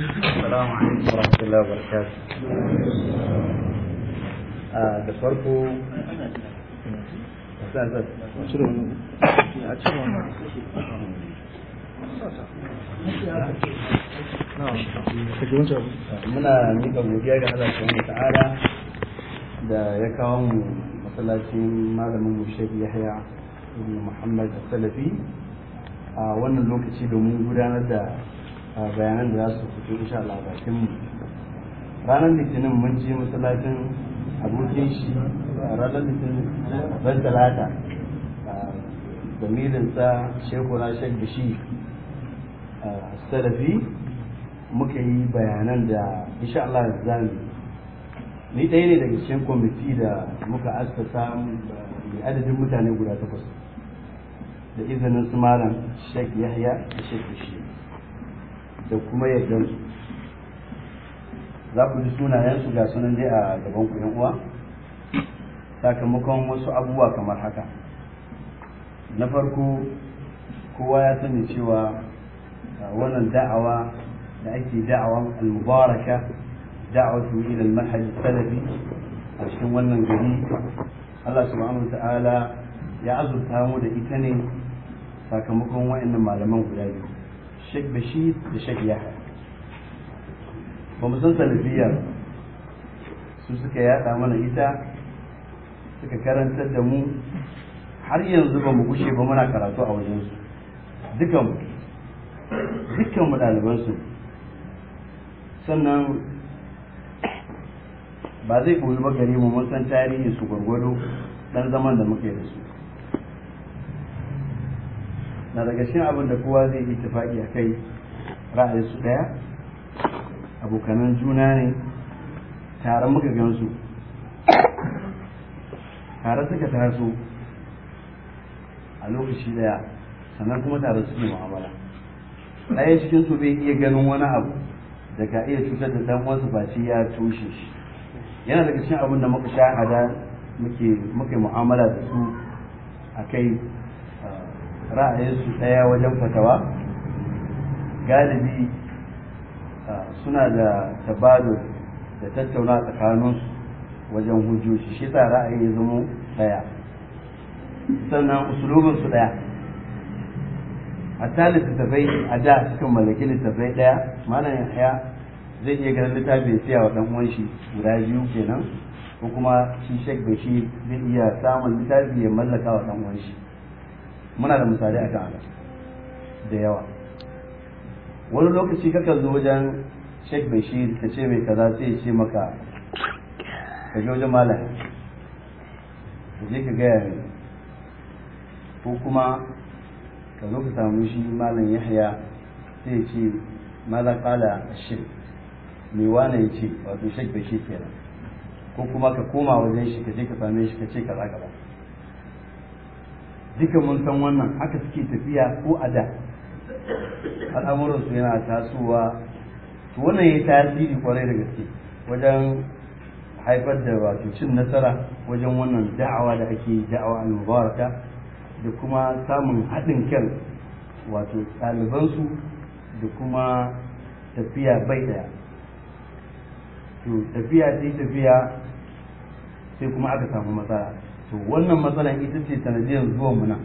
السلام عليكم ورحمة الله وبركاته da farko muna miƙa godiya ga Allah subhanahu ta'ala da ya kawo mu masallacin malamin mu Sheikh Yahya ibn Muhammad Salafi a wannan lokaci domin gudanar da bayanan da za su fito insha Allah bakin mu ranar litinin mun je masallacin abokin shi ranar litinin ban talata da shehu shekura shek bishi salafi muka yi bayanan da insha Allah mu ni ɗaya ne daga cikin kwamiti da muka assasa mai adadin mutane guda takwas da izinin su malam shek yahya da shek bishi da kuma yardan su za ku ji sunayen su ga sunan dai a gaban ku uwa sakamakon wasu abubuwa kamar haka na farko kowa ya sani cewa wannan da'awa da ake da'awa al-mubaraka da'awatu ila al-manhaj salafi a cikin wannan gari Allah subhanahu ta'ala ya azurta mu da ita ne sakamakon wa'annan malaman guda biyu Sheikh shi da Sheikh ba mu san salafiyya su suka yada mana ita suka karantar da mu har yanzu ba mu gushe ba muna karatu a wajensu dukan mu dukkan mu ɗalibansu sannan ba zai koyi ba gare mu san tarihin su gwargwado dan zaman da muke da su na daga cikin abin da kowa zai yi tafaki a kai ra'ayi su ɗaya abokanan juna ne tare muka gansu tare suka taso a lokaci ɗaya sannan kuma tare su ne mu'amala ɗaya cikin su bai iya ganin wani abu da ka iya cutar da dan wasu face ya toshe shi yana daga cikin abin da muka sha'ada muke mu'amala da su a kai ra'ayinsu ɗaya wajen fatawa galibi suna da tabadul da tattauna tsakaninsu wajen hujjoji shi sa ra'ayi ya zama ɗaya sannan usulubinsu ɗaya a da cikin mallaki littattafai ɗaya malam ya zai iya ganin littafin siya wa ɗan uwan shi guda biyu kenan ko kuma shi shek bashir zai iya samun littafi ya mallaka wa ɗan uwan shi muna da misali a kan da yawa wani lokaci kakan zo wajen sheik bashir ka ce mai kaza sai ya ce maka ka je wajen malam ka je ka gaya ne ko kuma ka zo ka samu shi malam yahya sai ya ce maza kala shi mai wane ya ce wato shek bashir kenan ko kuma ka koma wajen shi ka je ka same shi ka ce ka ba duka mun san wannan haka suke tafiya ko a da al'amuransu yana tasowa to wannan ya tasiri kwarai da gaske wajen haifar da wato cin nasara wajen wannan da'awa da ake da'awa al-mubaraka da kuma samun haɗin kan wato ɗalibansu da kuma tafiya bai ɗaya to tafiya sai tafiya sai kuma aka samu matsala to wannan matsalar ita ce sanadiyar zuwan muna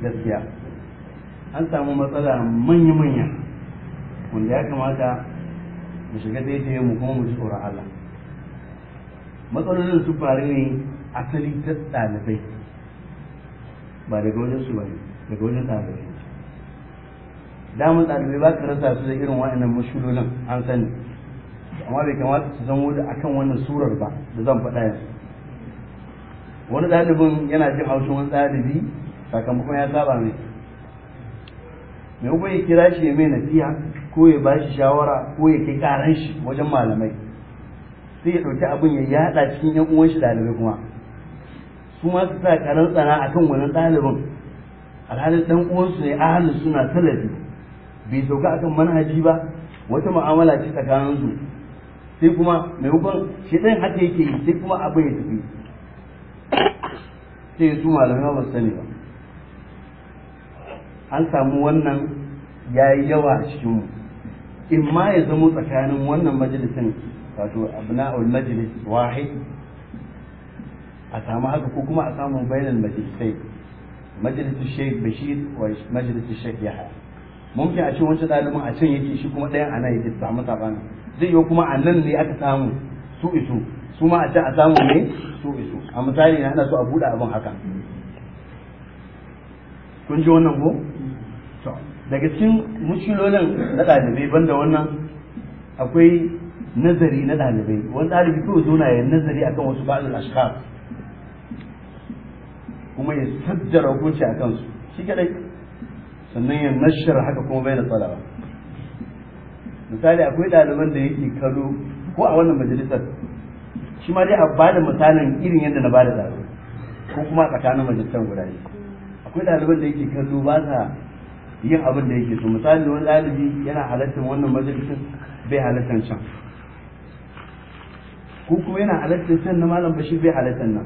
gaskiya an samu matsala manya-manya wanda ya kamata mu shiga daidai mu kuma mu ji tsoron Allah matsalolin su faru ne asali ta ɗalibai ba daga wajen su ba daga wajen ɗalibai damar ɗalibai ba ka rasa su da irin wa'annan mashulolin an sani amma bai kamata su zamo da akan wannan surar ba da zan faɗa yanzu wani ɗalibin yana jin haushi wani ɗalibi sakamakon ya saba mai mai kuma ya kira shi ya mai nasiha ko ya ba shi shawara ko ya kai karan shi wajen malamai sai ya ɗauki abin ya yaɗa cikin yan uwan shi ɗalibai kuma su ma su sa karan tsana akan wani ɗalibin alhalin ɗan uwansu ne ahalin suna talabi bai sauka akan manhaji ba wata ma'amala ce tsakaninsu sai kuma maimakon shi ɗan haka yake yi sai kuma abin ya tafi sai su malamai ba sani ba an samu wannan ya yi yawa a cikinmu in ma ya zamo tsakanin wannan majalisin wato abna'ul majalis wahid a samu haka ko kuma a samu bayanan majalisai majalisun sheikh bashir wa majalisun ya yahya mumkin a ce wancan ɗalibin a can yake shi kuma ɗayan ana yake samu saɓani zai yi kuma a nan ne aka samu su isu su ma a ta a samu ne su isu a misali na ana so a buɗe abin haka kun ji wannan ko daga cikin mushilolin na ɗalibai banda wannan akwai nazari na ɗalibai wani ɗalibi kawai zona ya nazari akan wasu ba'adul ashkar kuma ya sajjara hukunci a kansu shi kadai sannan ya nashar haka kuma bai na tsalawa misali akwai ɗaliban da yake kallo ko a wannan majalisar shi ma dai a bada misalin irin yadda na bada zaɓe ko kuma a tsakanin majalisar guda ne akwai ɗaliban da yake kallo ba sa yin abin da yake so misali wani ɗalibi yana halartar wannan majalisar bai halartar can ko kuma yana halartar can na malam bashir bai halartar nan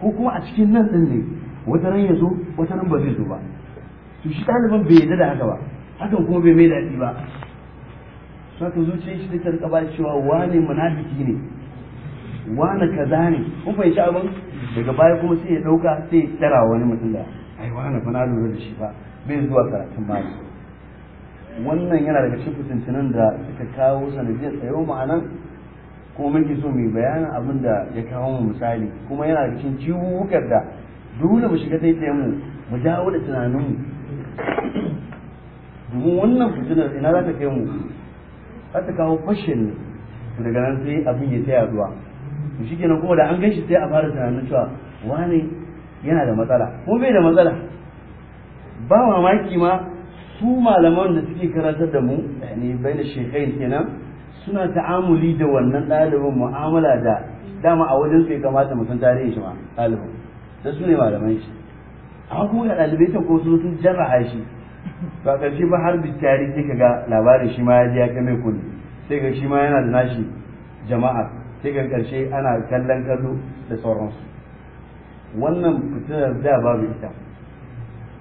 ko kuma a cikin nan ɗin ne wata ran ya zo wata ran ba zai zo ba to shi ɗaliban bai yarda da haka ba hakan kuma bai mai daɗi ba saka zuciyar shi ta rika ba cewa wane munafiki ne wani kaza ne kun fahimci abin daga baya kuma sai ya dauka sai ya tsara wani mutum da ai wani fa na lura da shi ba bai zuwa karatun ba. wannan yana daga cikin fitintunan da suka kawo sanadiyar tsayo ma'anan kuma muke so mai bayanin abin da ya kawo mu misali kuma yana daga cikin ciwukan da dole mu shiga taitayen mu mu dawo da tunaninmu domin wannan fitinar ina za ta kai mu za ta kawo fashin daga nan sai abin ya tsaya zuwa. to shi kenan kuma da an gan shi sai a fara tunanin cewa wane yana da matsala ko bai da matsala ba mamaki ma su malaman da suke karantar da mu yani bai da shekai kenan suna ta'amuli da wannan ɗalibin mu'amala da dama a wajen su ya kamata mu san tarihin shi ma ɗalibin da su ne malaman shi amma kuma ga ɗalibai ta ko su sun jarraha shi ba ƙarshe ba har bi sai ka ga labarin shi ma ya je ya kai mai kuni sai ga shi ma yana da nashi jama'a sai ga karshe ana kallon kallo da sauransu wannan fitinar da babu ita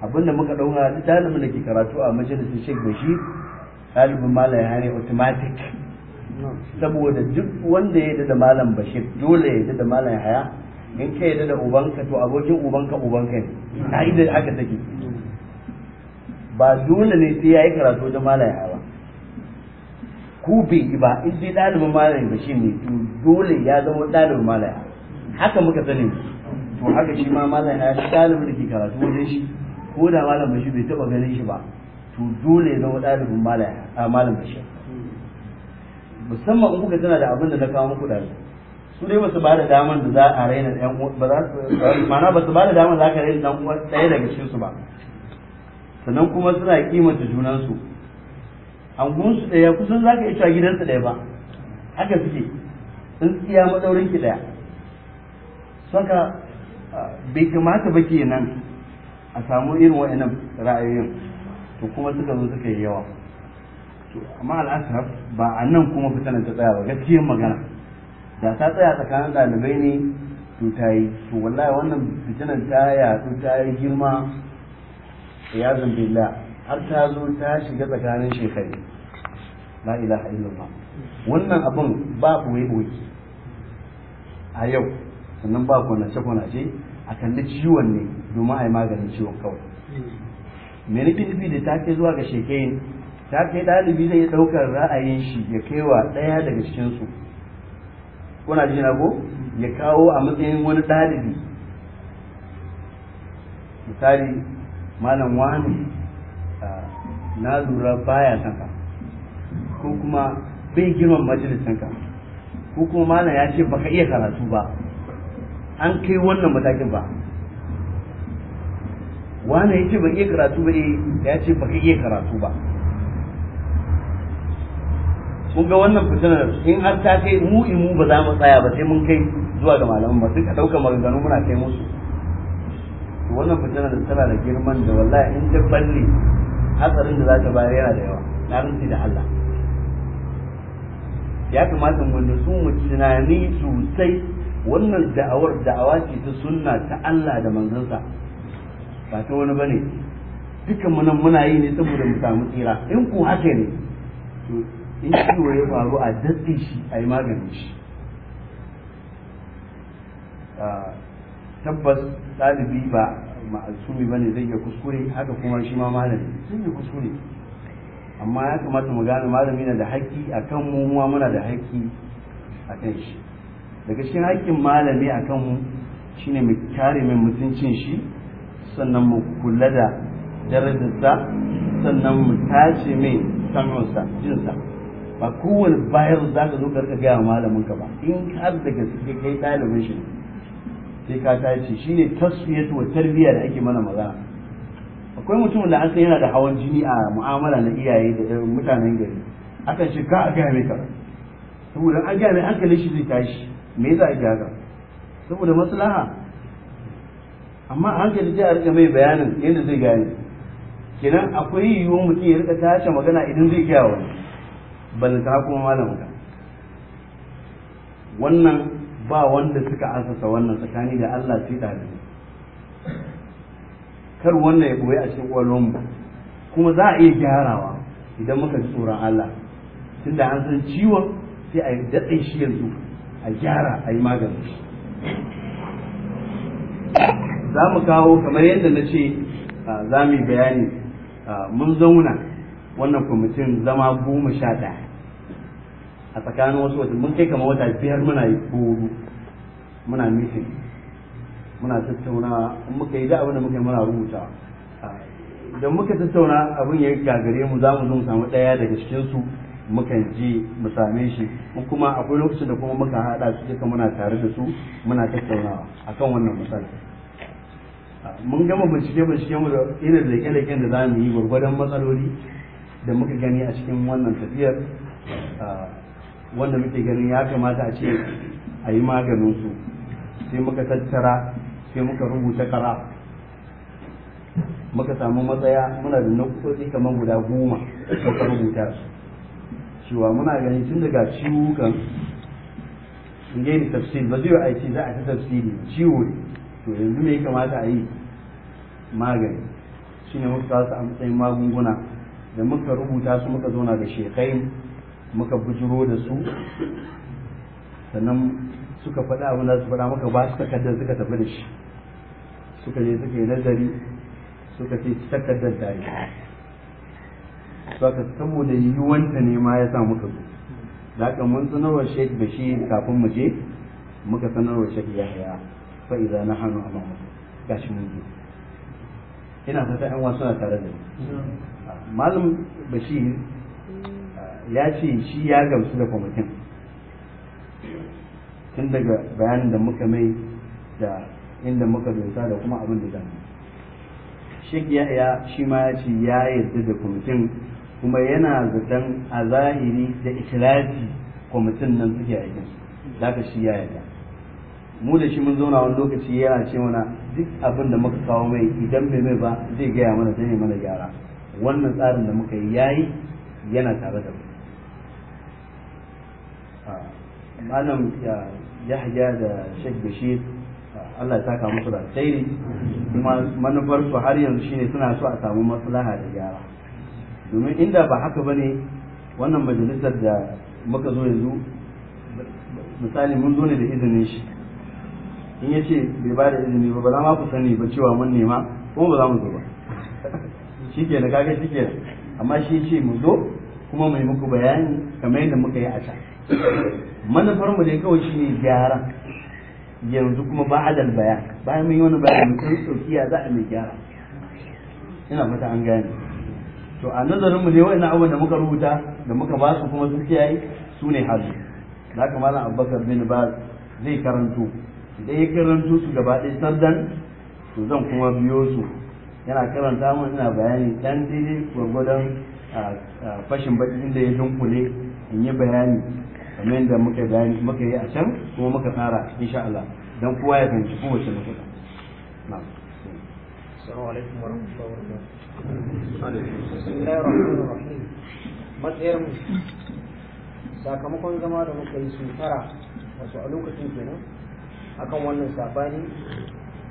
abinda muka dauka duk ɗalibin da ke karatu a majalisar shek bashir talibin malam ya ne automatic saboda duk wanda ya da malam bashir dole ya da malam ya haya in ka yadda da ubanka to abokin ubanka ubanka ne ka'idar haka take ba dole ne sai ya yi karatu da malam ya haya ku bai yi ba in dai ɗalibin malami ba shi ne to dole ya zama ɗalibin malami haka muka sani to haka shi ma malami ya ɗalibin da ke karatu wajen shi ko da malam bashir bai taɓa ganin shi ba to dole ya zama ɗalibin malam bashir musamman in kuka tana da abin da na kawo muku da su dai ba su ba da damar da za a raina ɗan ba za su mana ba su ba da damar za ka raina ɗan uwa ɗaya daga cikin su ba sannan kuma suna kimanta junansu anguwansu ɗaya kusan za ka iya cewa gidansu ɗaya ba haka suke tsintsiya maɗaurin ki ɗaya saka bai kamata ba ke nan a samu irin wa'annan ra'ayoyin to kuma suka zo suka yi yawa to amma al'asar ba a nan kuma fitanar ta tsaya ba gaskiyar magana da ta tsaya tsakanin ɗalibai ne to ta yi to wallahi wannan fitinar ta yaɗu ta yi girma ya zambe har ta zo ta shiga tsakanin shekaru la ilaha illallah wannan abin ba wai boye a yau sannan ba kwanace kwanace a kalli ciwon ne domin a yi maganin ciwon kawai me nufi da ta kai zuwa ga shekayin ta kai ɗalibi zai ɗaukar ra'ayin shi ya kai wa ɗaya daga cikinsu kuna ji na ko ya kawo a matsayin wani ɗalibi misali malam wani ah, na lura baya ko kuma bai girman majalisin ka ko kuma malam ya ce baka iya karatu ba an kai wannan matakin ba wane ya ce baka iya karatu ba eh, ya ce baka iya karatu ba kun ga wannan fitinar in har ta kai mu in mu ba za mu tsaya ba sai mun kai zuwa ga malaman ba duka ɗaukar maganganu muna kai musu to wannan fitinar tana da girman da wallahi in ta balle hatsarin da za ta bayar yana da yawa na rinci da Allah ya kamata mu nutsu mu tunani sosai wannan da'awar da'awa ce ta sunna ta Allah da manzansa ba ta wani bane dukan mun nan muna yi ne saboda mu samu tsira in ku haka ne to in ciwo ya faru a dace shi a yi maganin shi ah, tabbas ɗalibi ba ma'asumi bane zai iya kuskure haka kuma shi ma malami zai iya kuskure amma ya kamata mu gane malami na da haƙƙi a kan mu muwa muna da haƙƙi a kan shi daga cikin haƙƙin malami a kan mu shine mu kare mai mutuncin shi sannan mu kula da darajarsa sannan mu tace mai sanarsa jinsa ba kowane bayar za ka zo karka gaya malamin ka ba in har da gaske kai ɗalibin shi sai ka tace shine tasfiyatu wa tarbiyya da ake mana magana akwai mutumin da an san yana da hawan jini a mu'amala na iyaye da mutanen gari akan ce ka a gaya mai kaza saboda an gaya mai hankalin shi zai tashi me yasa ake haka saboda maslaha amma a hankali sai a rika mai bayanin yadda zai gane kenan akwai yiwuwar mutum ya rika tashi magana idan zai gaya wani ta kuma malamin ka wannan ba wanda suka asasa wannan tsakani da Allah sai da kar wannan ya boye a cikin mu kuma za a iya gyarawa idan muka ji tsoron Allah tunda an san ciwon sai a daɗe shi yanzu a gyara a yi magani za mu kawo kamar yadda na ce za mu yi bayani mun zauna wannan kwamitin zama goma sha ɗaya a tsakanin wasu wata mun kai kamar wata biyar muna yi muna mitin muna tattauna in muka yi da abin da muka yi muna rubuta idan muka tattauna abin ya gagare mu za mu zo mu samu ɗaya daga cikin su mukan je mu same shi kuma akwai lokacin da kuma muka haɗa su duka muna tare da su muna tattaunawa akan wannan misali mun gama bincike bincike mu da irin leke-leken da za mu yi gwargwadon matsaloli da muka gani a cikin wannan tafiyar wanda muke ganin ya kamata a ce a yi maganin su sai muka tattara sai muka rubuta kara muka samu matsaya muna da nukutoci kamar guda goma muka rubuta su. cewa muna ganin tun daga ciwukan in gaini tafsir ba zai aiki za a ta tafsiri ciwo ne to yanzu me kamata a yi magani ne muka kawo su a matsayin magunguna da muka rubuta su muka zauna da shekai muka bujiro da su sannan suka faɗa abin da su faɗa muka ba su takardar suka tafi da shi suka je suka yi nazari suka ce takardar da yi saka saboda yiwuwanta ne ma ya sa muka zo da haka mun sanarwa shek bashir kafin mu je muka sanarwa shek yahya fa idza nahnu amama gashi mun zo ina fata yan wasu na tare da ni malam bashir ya ce shi ya gamsu da kwamitin tun daga bayanin da muka mai da inda muka dosa da kuma abin da zamu ya ya shi ma ya ce ya yarda da kwamitin kuma yana zaton a zahiri da ikhlasi kwamitin nan suke aikin da ka shi ya yarda mu da shi mun zauna wani lokaci yana ce mana duk abin da muka kawo mai idan bai mai ba zai gaya mana zai mana gyara wannan tsarin da muka yi yayi yana tare da mu ah, malam ya da shek bashir Allah ya saka musu da alkhairi kuma manufar su har yanzu shine suna so a samu maslaha da gyara domin inda ba haka bane wannan majalisar da muka zo yanzu misali mun zo ne da izinin shi in ya ce bai ba da izini ba ba za ma ku sani ba cewa mun nema kuma ba za mu zo ba shi ke da kaga shi ke amma shi ce mu zo kuma mai muku bayani kamar yadda muka yi a can manufar mu ne kawai shi ne gyara yanzu kuma ba a bayan bayan mun yi wani bayan mutum ya za a mai gyara ina fata an gane to a nazarin mu dai wa'annan abubuwan da muka rubuta da muka ba su kuma su kiyaye su ne hajji da haka malam abubakar bin ba zai karanto idan ya karanto su gaba ɗaya sardan to zan kuma biyo su yana karanta mun ina bayani ɗan daidai gwargwadon fashin baki inda ya dunkule in yi bayani kamar yadda muka bayani muka yi a can kuma muka tsara insha Allah dan kowa ya fahimci kowace matsala na'am assalamu alaikum warahmatullahi wabarakatuh bismillahir rahmanir rahim matsayar mu sakamakon zama da muka yi sun tara wasu a lokacin kenan akan wannan sabani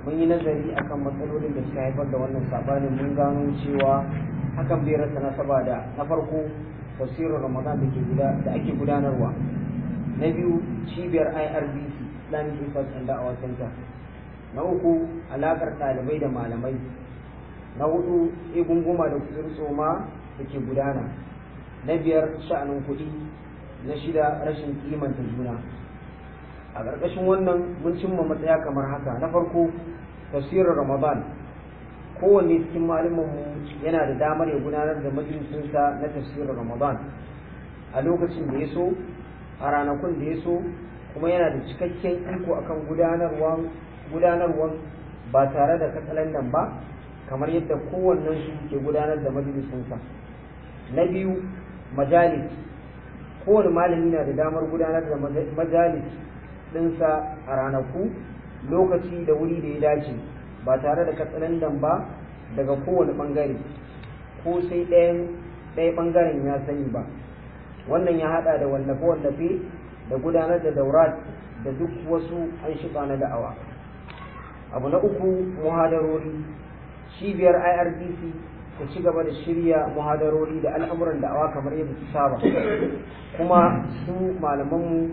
mun yi nazari akan matsalolin da suka haifar da wannan sabani mun gano cewa hakan bai rasa nasaba da na farko tafsirin ramadan da ake gudanarwa na biyu cibiyar irbc islamic research and da'awa center na uku alaƙar ɗalibai da malamai na hudu egunguma da kusur tsoma da ke gudana na biyar sha'anin kuɗi na shida rashin kimanta juna a ƙarƙashin wannan mun cimma matsaya kamar haka na farko tafsirin ramadan kowanne cikin malamin mu yana da damar ya gudanar da majalisinsa na tafsirin ramadan a lokacin da ya so a ranakun da ya so kuma yana da cikakken iko akan gudanarwan gudanarwan ba tare da katsalandan ba kamar yadda kowannen su ke gudanar da majalisinsa na biyu majalis kowane malami na da damar gudanar da majalis ɗinsa a ranaku lokaci da wuri da ya dace ba tare da katsalandan ba daga kowane bangare ko sai ɗaya bangaren ya sani ba wannan ya haɗa da wallafe-wallafe da gudanar da daurat da duk wasu an shiga na da'awa abu na uku muhadarori cibiyar irdc ta ci gaba da shirya muhadarori da al'amuran da'awa kamar yadda su saba kuma su malamanmu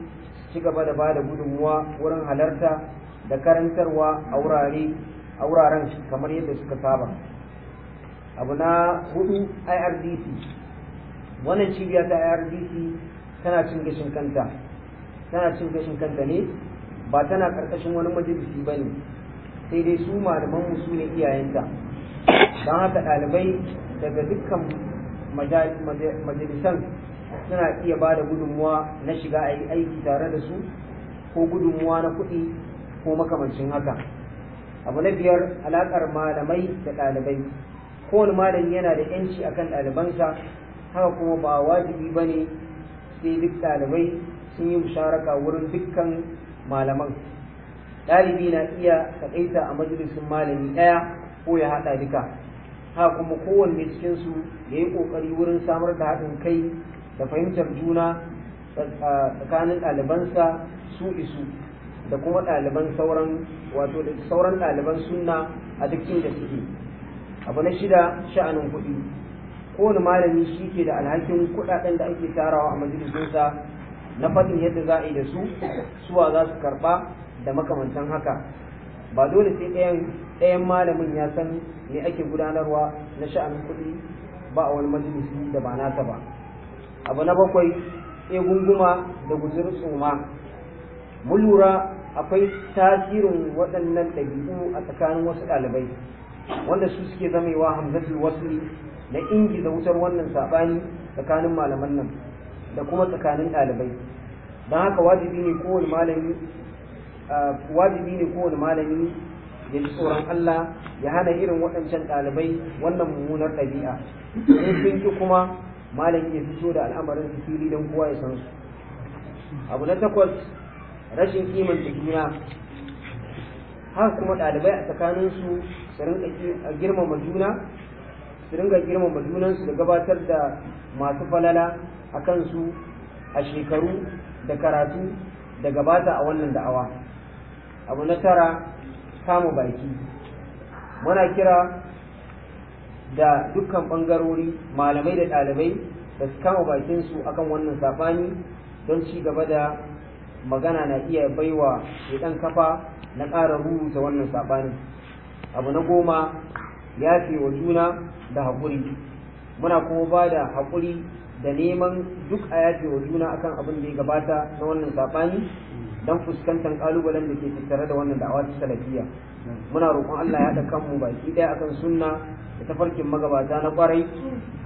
ci gaba da ba da gudunmuwa wurin halarta da karantarwa a wurare a wuraren kamar yadda suka saba abu na hudu irdc wannan cibiya ta irdc tana cin gashin kanta tana cin gashin kanta ne ba tana karkashin wani majalisi ba ne sai dai su malaman su ne iyayenta don haka ɗalibai daga dukkan majalisan suna iya ba da gudunmuwa na shiga a aiki tare da su ko gudunmuwa na kuɗi ko makamancin haka abu na biyar alaƙar malamai da ɗalibai kowane malami yana da yanci akan ɗalibansa haka kuma ba wajibi ba ne sai duk ɗalibai sun yi musharaka wurin dukkan malaman ɗalibi na iya kaɗaita a majalisun malami ɗaya ko ya haɗa duka haka kuma kowanne cikinsu ya yi ƙoƙari wurin samar da haɗin kai da fahimtar juna tsakanin ɗalibansa su isu da kuma ɗaliban sauran wato da sauran ɗaliban sunna a duk inda suke abu na shida sha'anin kuɗi kowane malami shi ke da alhakin kuɗaɗen da ake tarawa a majalisinsa na faɗin yadda za a yi da su suwa za su karɓa da makamantan haka ba dole sai ɗayan ɗayan malamin ya san me ake gudanarwa na sha'anin kuɗi ba a wani majalisi da ba nasa ba abu na bakwai tsegunguma da guzur tsoma mun lura akwai tasirin waɗannan ɗabi'u a tsakanin wasu ɗalibai wanda su suke zamewa hamzatul wasli na ingiza wutar wannan saɓani tsakanin malaman nan da kuma tsakanin ɗalibai don haka wajibi ne kowane malami wajibi ne kowane malami ya ji tsoron Allah ya hana irin waɗancan ɗalibai wannan mummunar ɗabi'a in sun ki kuma malami ya fito da al'amarin su fili don kowa ya san su abu na takwas rashin kimanta juna har kuma ɗalibai a tsakaninsu su rinka girmama juna su rinka girmama junansu da gabatar da masu falala a kansu a shekaru da karatu da gabata a wannan da'awa abu na tara kama baki muna kira da dukkan ɓangarori malamai da ɗalibai da su kama bakinsu akan wannan safani don ci gaba da magana na iya baiwa shedan kafa na ƙara rubuta wannan sabanin abu na goma ya fi wa juna da haƙuri muna kuma ba da haƙuri da neman duk a yafe wa juna akan abin da ya gabata na wannan saɓani don fuskantar ƙalubalen da ke tattare da wannan da'awa ta salafiya muna roƙon Allah ya haɗa kanmu baki ɗaya akan sunna da tafarkin magabata na ƙwarai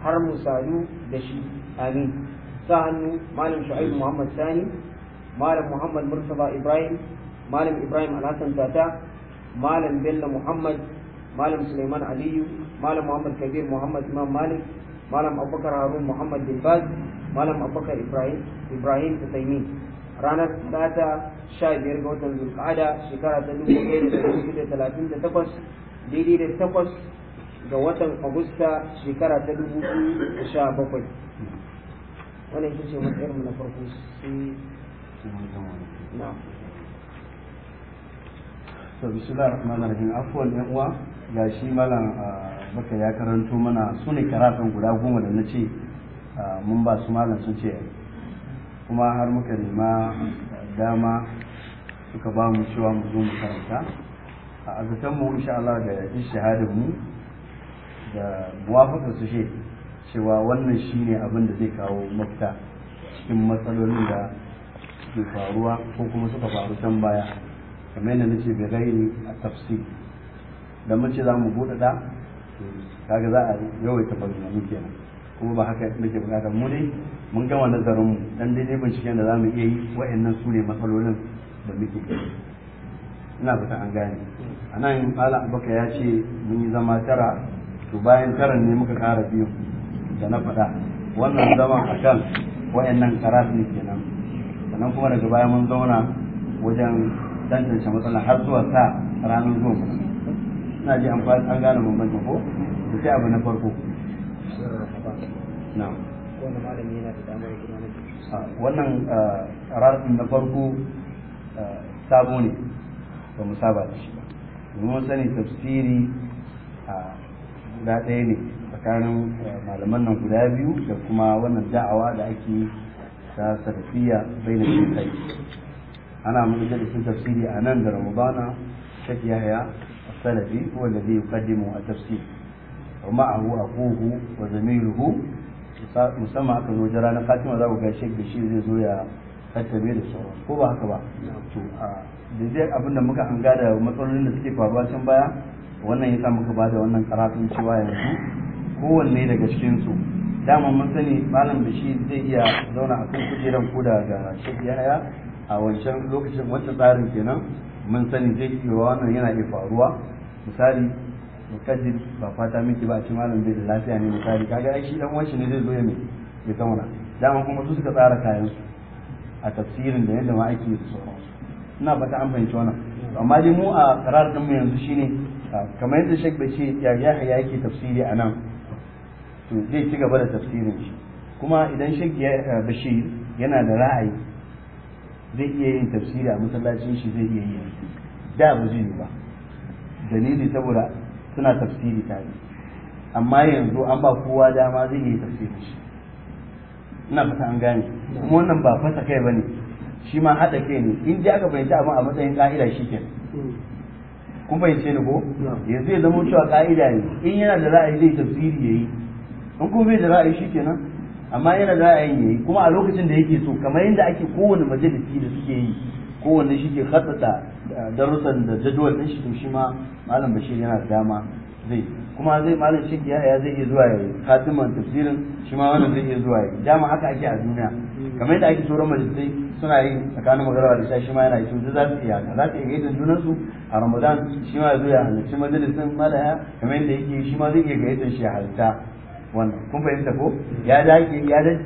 har mu sadu da shi amin sa hannu malam shu'aibu muhammad sani malam muhammad murtaba ibrahim malam ibrahim alhassan tata malam bello muhammad malam suleiman aliyu malam muhammad kabir muhammad imam malik malam abubakar harun muhammad bin malam abubakar ibrahim ibrahim tutaimi ranar talata sha biyar ga watan zulkada shekara ta dubu ɗaya da dubu da talatin da takwas daidai da takwas ga watan agusta shekara ta dubu biyu da sha bakwai wannan ita ce matsayarmu na farko sai cikin wani zamani to bismillah rahman rahim yan uwa ga shi malam ah, baka ya karanto mana su ne karatun guda goma da na ce ah, mun ba su malam sun ce kuma har muka nema dama suka ba mu cewa mu zo mu karanta a azatan mu insha Allah da ishihadin mu da muwafaqar su ce cewa wannan shine abin da zai kawo mafita cikin matsalolin da ke faruwa ko kuma suka faru can baya kamar yadda nace bai gairi a tafsir da mace za mu buɗe da kaga za a yawaita bayyanu kenan kuma ba haka nake bukatar mu dai mun gama nazarin mu dan daidai binciken da zamu mu iya yi wa'annan su ne matsalolin da muke ina fata an gane a yin ala abaka ya ce mun yi zama tara to bayan taran ne muka kara biyu da na faɗa wannan zama a kan wa'annan karatu ne kenan sannan kuma daga baya mun zauna wajen tantance matsalar har zuwa sa ranar zuwa ina ji an gane bambancin ko da sai abu na farko ah, wannan ah, ranar na farko ah, sabo ne ba mu saba da shi ba domin sani tafsiri guda ɗaya ne tsakanin malaman nan guda biyu da kuma wannan da'awa da ake ta sarfiya bai na shekai ana tafsiri a nan da ramadana shek yahya السلفي هو الذي يقدم التفسير ومعه wa وزميله musamman aka zo wajen ranar fatima za ku ga shek shi zai zo ya tattabe da sauran ko ba haka ba to da zai abin da muka hanga da matsalolin da suke faruwa can baya wannan yasa muka bada wannan karatun cewa yanzu kowanne daga cikin su dama mun sani malam bishi zai iya zauna a kan kujeran da ga shafi yaya a wancan lokacin wancan tsarin kenan mun sani zai iya wannan yana iya faruwa misali mukaddi ba fata miki ba ci malam bai da lafiya ne misali kaga ai shi dan wanshi ne zai zo ya mai ya zauna dama kuma su suka tsara kayan su a tafsirin da yadda ma ake da su ina fata an fahimci wannan amma dai mu a karar din mu yanzu shine kamar yadda Sheikh Bashir ya ya yake tafsiri a nan to zai ci gaba da tafsirin shi kuma idan shi eh, bashir yana da ra'ayi zai iya yin tafsiri a masallacin shi zai iya yi da ba zai yi ba dalili saboda suna tafsiri tare amma yanzu an ba kowa dama zai iya tafsirin shi ina fata an gane kuma wannan ba fasa kai bane shi ma haɗa kai ne in ji aka fahimta abin a matsayin ka'ida shi ke kun fahimce ni ko yanzu ya zama cewa ka'ida ne in yana da ra'ayi zai tafsiri yayi in kuma bai da ra'ayi shikenan amma yana da ra'ayin yayi kuma a lokacin da yake so kamar yadda ake kowane majalisi da suke yi kowanne shi ke hatsata eh, darussan da jadawal din shi to shi ma malam bashir yana dama zai kuma zai malam shi ke yaya zai iya zuwa ya khatiman tafsirin shi ma wannan zai iya zuwa ya dama haka ake a duniya kamar yadda ake sauran majalisai suna yi tsakanin magana da shi ma yana yi to za su iya za su iya gaidan junan su a ramadan shi ma zai iya ya halarci majalisin malaya kamar yadda yake shi ma zai iya gaidan shi ya halarta wannan kun fahimta ko ya dage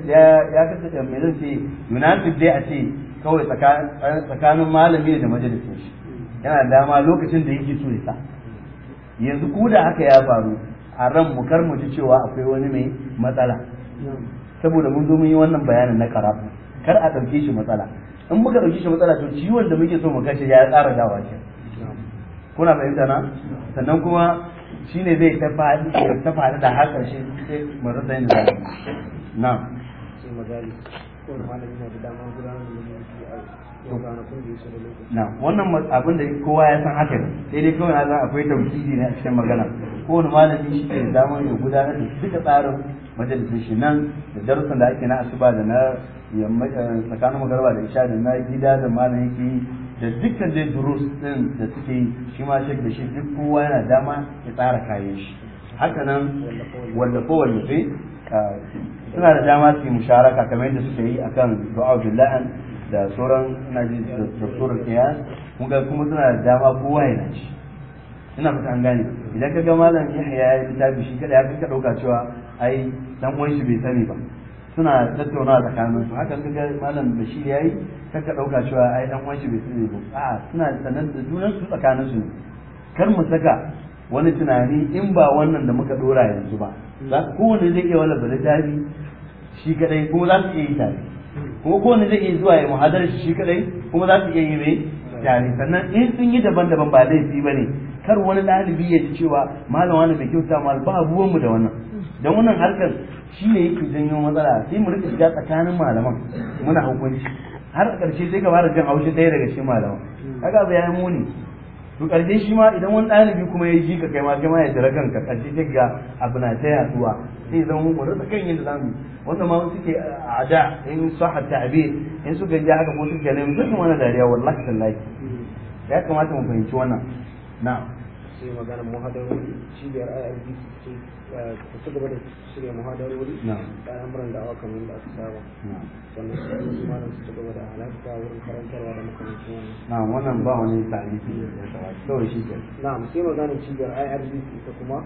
ya ya kasance mai zan ce munasib dai a ce kawai tsakanin malami da majalisin shi yana dama lokacin da yake so ya sa yanzu ko da haka ya faru a ran mu kar mu ji cewa akwai wani mai matsala saboda mun zo mun yi wannan bayanin na karatu kar a ɗauke shi matsala in muka ɗauke shi matsala to ciwon da muke so mu kashe ya tsara dawa shi kuna fahimta na sannan kuma shine zai ta faɗi da har shi sai mara zai na ko malami na da gudanar da a lokaci na wannan abin da kowa ya san haka ne sai dai kawai na akwai tauhidi ne a cikin magana kowane malami shi ke da damar ya gudanar da duka tsarin majalisun shi nan da darussan da ake na asuba da na eh, tsakanin magarba da isha da na gida da malami. yake da dukkan dai durus din da suke yi shi ma shek da shi duk kowa yana dama ya tsara kayan shi haka nan wallafe wallafe suna da dama su yi musharaka kamar yadda suke yi akan du'a billahan da sauran ji da sauran kiyas mun ga kuma suna da dama kowa yana ci ina fata an gane idan ka ga malam Yahya ya yi littafi shi kada ya ka dauka cewa ai dan uwan shi bai sani ba suna tattauna tsakanin su haka ga malam bashir yayi kaka dauka cewa ai dan wanshi bai sani ba a suna sanar da junan su tsakanin su kar mu saka wani tunani in ba wannan da muka dora yanzu ba za kowanne zai iya wala bari tabi shi kadai kuma za su iya yi tare kuma kowanne zai iya zuwa ya muhadar shi kadai kuma za su iya yi mai tare sannan in sun yi daban-daban ba laifi ba ne kar wani ɗalibi ya ji cewa malam wani bai kyauta ma ba ruwanmu da wannan don wannan harkar shi ne yake janyo matsala sai mu rika shiga tsakanin malaman muna hukunci har a ƙarshe sai ka fara jin haushi ɗaya daga shi malaman kaga ba yayi muni to ƙarshe shi ma idan wani ɗalibi kuma ya ji ka kai ma kai ma ya jira kanka ƙarshe sai ga abu na ta yaduwa sai zan mu rika kan yin zamu wanda ma suke ada in sahha ta'bir in suka ji haka ko suka ne duk mana dariya wallahi tallahi ya kamata mu fahimci wannan na'am sai magana maganar muhadarin cibiyar IRB ta ci gaba da shirya muhadarori da al'amuran da awa kamar da aka saba sannan su yi su malam su ci gaba da halarta wurin karantarwa da makamancin wannan na wannan ba wani tarihi da ya kawai shi ke na sai maganin cibiyar irbc ta kuma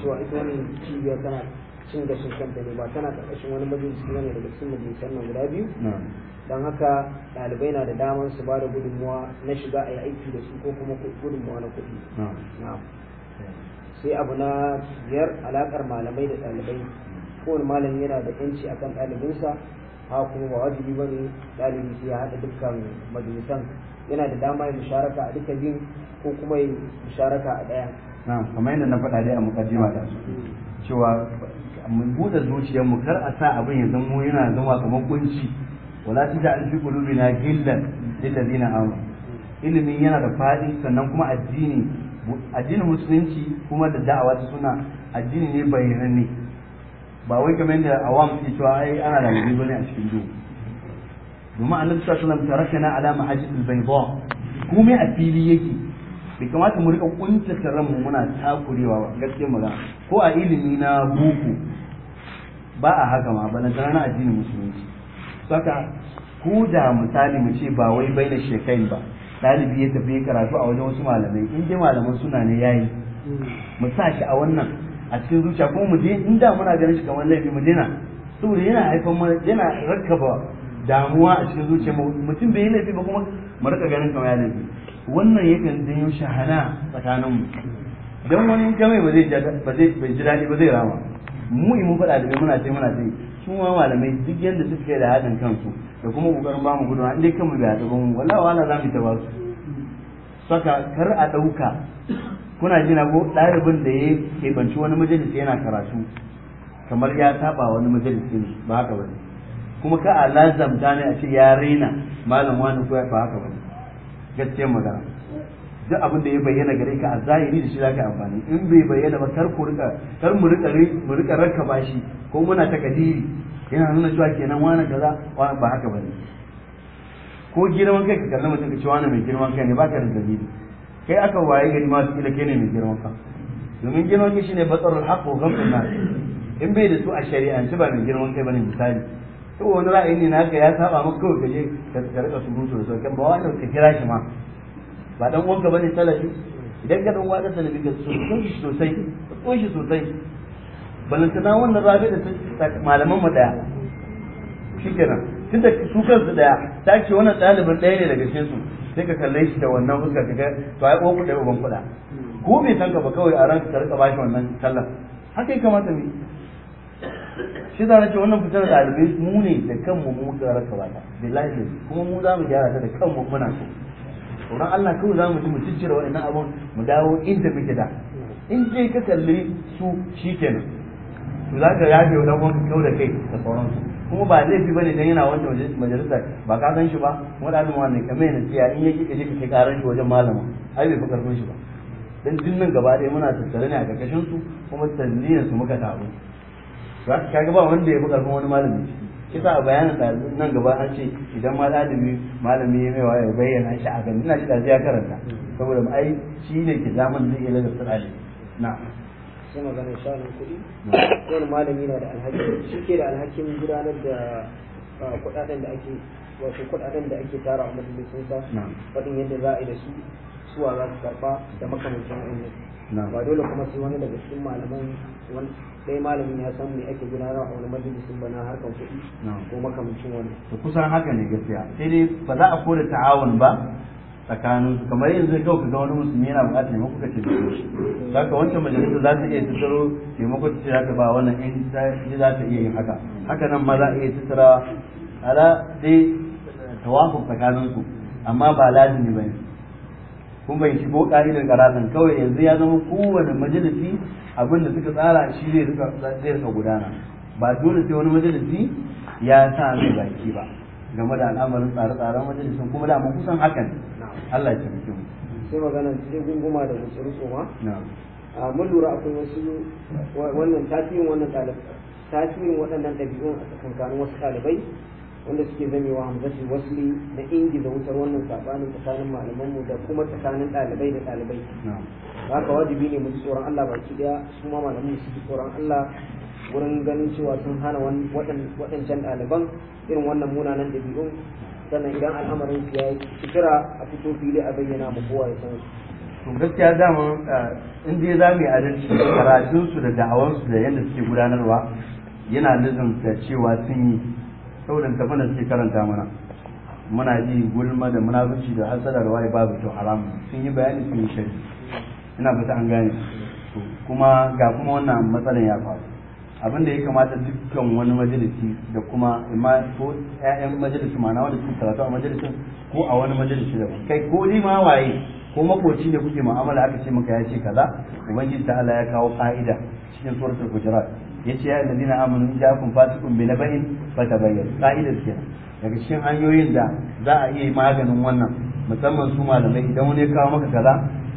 cewa ita wani cibiyar tana cin gashin kanta ne ba tana ƙarƙashin wani majalisi ne daga cikin majalisan nan guda biyu don haka ɗalibai na da damar su ba da gudunmuwa na shiga a yi aiki da su ko kuma gudunmuwa na kuɗi na'am sai abu na biyar alakar malamai da ɗalibai kowane malami yana da yanci akan ɗalibinsa ha kuma ba wajibi ba ne ɗalibi sai ya haɗa dukkan majalisan yana da dama ya musharaka a duka biyu ko kuma ya musharaka a ɗaya. kamar yadda na faɗa dai a mukaddima da su cewa mun buɗe zuciyarmu kar a sa abin ya zamo yana zama kamar kunci wala tija'al fi qulubina ghillan lil na amanu ilimin yana da faɗi sannan kuma addini addinin musulunci kuma da da'awa ta suna addini ne bayyana ne ba wai kamar yadda awam ke cewa ai ana da mutum bane a cikin duhu domin annabi sallallahu alaihi wasallam tarakana ala mahajjatul bayda kuma a fili yake bai kamata mu rika kuntata ranmu muna takurewa ba gaskiya ga. ko a ilimi na boko ba a haka ma ba na na addinin musulunci saka ko da misali mu ce ba wai bai da shekai ba ɗalibi ya tafi karatu a wajen wasu malamai in dai malaman suna ne yayi mu sa shi a wannan a cikin zuciya kuma mu je in da muna ganin shi kamar laifi mu dena saboda yana haifar mana yana rakkaba damuwa a cikin zuciya mutum bai yi laifi ba kuma mu rika ganin kamar yana laifi wannan yakan janyo shahana tsakaninmu don wani in kamai ba zai ji daɗi ba zai rama mu mun faɗa da muna sai muna sai su ma malamai duk yanda suka kai da haɗin kansu da kuma ƙoƙarin ba mu gudunwa inda kanmu bai haɗu ba mu wallahi wala za mu ta ba su saka kar a ɗauka kuna jina ko ɗalibin da ya keɓanci wani majalisi yana karatu kamar ya taɓa wani majalisi ne ba haka ba ne kuma ka a lazamta ne a ce ya raina malam wani ko ba haka ba ne gaskiyar magana duk abin da ya bayyana gare ka a zahiri da shi zaka amfani in bai bayyana ba kar ku rika kar mu rika mu rika raka bashi ko muna takadiri yana nuna cewa kenan wani kaza wani ba haka bane ko girman kai ka kalla mutum ka ce wani mai girman kai ne ba ka da dalili kai aka waye gari ma kila kai ne mai girman ka domin girman kai shine batsarar haqq wa ghamdun nas in bai da su a shari'ance ba mai girman kai bane misali to wani ra'ayi ne naka ya saba maka kawai ka je ka rika surutu da sauƙin ba wani ka kira shi ma ba dan wanka bane salafi idan ka dan waka ga su kun shi sosai kun shi sosai balantana wannan rabi da malaman mu daya shikenan tunda su kansu daya ta ce wannan ɗalibin ɗaya ne daga cikin su sai ka kalle shi da wannan fuska ka ga to ai ko kuɗa ban kuɗa ko me san ka ba kawai a ran ka rika bashi wannan sallah haka ya kamata ne shi da na ce wannan fitar da ɗalibai mu ne da kanmu mu ka raka bata billahi kuma mu za mu gyara ta da kanmu muna so tsoron Allah kawai za mu ji mu jijjira wa'annan abun mu dawo inda muke da in je ka kalli su shikenan to za ka yafe wani abun kyau da kai da sauransu kuma ba fi bane dan yana wancan majalisar ba ka san shi ba kuma da alimu wannan kamar yana tiya in yake kaje ka kai karan shi wajen malama ai bai fi karfin shi ba dan nan gaba ɗaya muna tattare ne a karkashin su kuma sanniyan su muka taru za ka ga ba wanda ya fi karfin wani malami shi sa bayanin ɗazu nan gaba an ce idan ma ɗalibi malami ya maiwa ya bayyana shi a gani ina shi da ya karanta saboda ai shi ne ke zaman zai iya lalata ɗalibi na sai magana shanun kuɗi kowane malami na da alhakin shi ke da alhakin gudanar da ah, kuɗaɗen da ake wato kuɗaɗen da ake tara a majalisun sa faɗin yadda za a yi da su suwa za su karba da makamancin wannan ba dole kuma sai wani daga cikin malaman wani ɗaya malamin ya san me ake gudanarwa a wani majalisin bana harkar kuɗi ko makamancin wani. to kusan haka ne gaskiya sai dai ba za a kore ta'awun ba tsakanin su. kamar yanzu kawai ka ga wani musulmi yana buƙatar taimako ka taimako shi za ka wancan majalisa za ta iya tattaro taimako ta ce za ta ba wannan in za ta iya yin haka haka nan ma za a iya tattara ala dai tawafin su amma ba lazimi ba ne kun bai shigo ƙa'idar karatun kawai yanzu ya zama kowane majalisi abin da suka tsara shi zai rika gudana ba dole sai wani majalisi ya sa mai baki ba game da al'amarin tsare-tsaren majalisin kuma da mun kusan hakan Allah ya tabbata mu sai magana cikin gunguma da gutsuru tsoma a mun lura akwai wasu wannan tasirin wannan tasirin waɗannan ɗabi'un a tsakankanin wasu ɗalibai wanda suke zamewa hamzatul wasli na ingiza wutar wannan sabanin tsakanin mu da kuma tsakanin ɗalibai da ɗalibai haka wajibi ne mu ji tsoron Allah baki daya su ma malamin su ji tsoron Allah wurin ganin cewa sun hana waɗancan ɗaliban irin wannan munanan ɗabi'un sannan idan al'amarin su ya fitira a fito fili a bayyana mu kowa ya san to gaskiya dama eh, in dai za mu yi adalci karatunsu da da'awansu da yadda suke gudanarwa yana nufin da cewa sun yi saboda ta mana suke karanta mana muna ji gulma da munafici da hasada da waye babu to haram sun yi bayani sun yi shari ina fata an gane kuma ga kuma wannan matsalan ya faru abin da ya kamata dukkan wani majalisi da kuma ima ko ƴaƴan majalisi ma na wanda suke karatu a majalisin ko a wani majalisi da kai ko ni ma waye ko makoci da kuke mu'amala aka ce maka ya ce kaza ubangiji ta Allah ya kawo ka'ida cikin suratul hujurat yace ya alladina amanu in ja'akum fasiqun bi nabain fatabayyan qaida ce daga cikin hanyoyin da za a iya maganin wannan musamman su malamai idan wani ya kawo maka kaza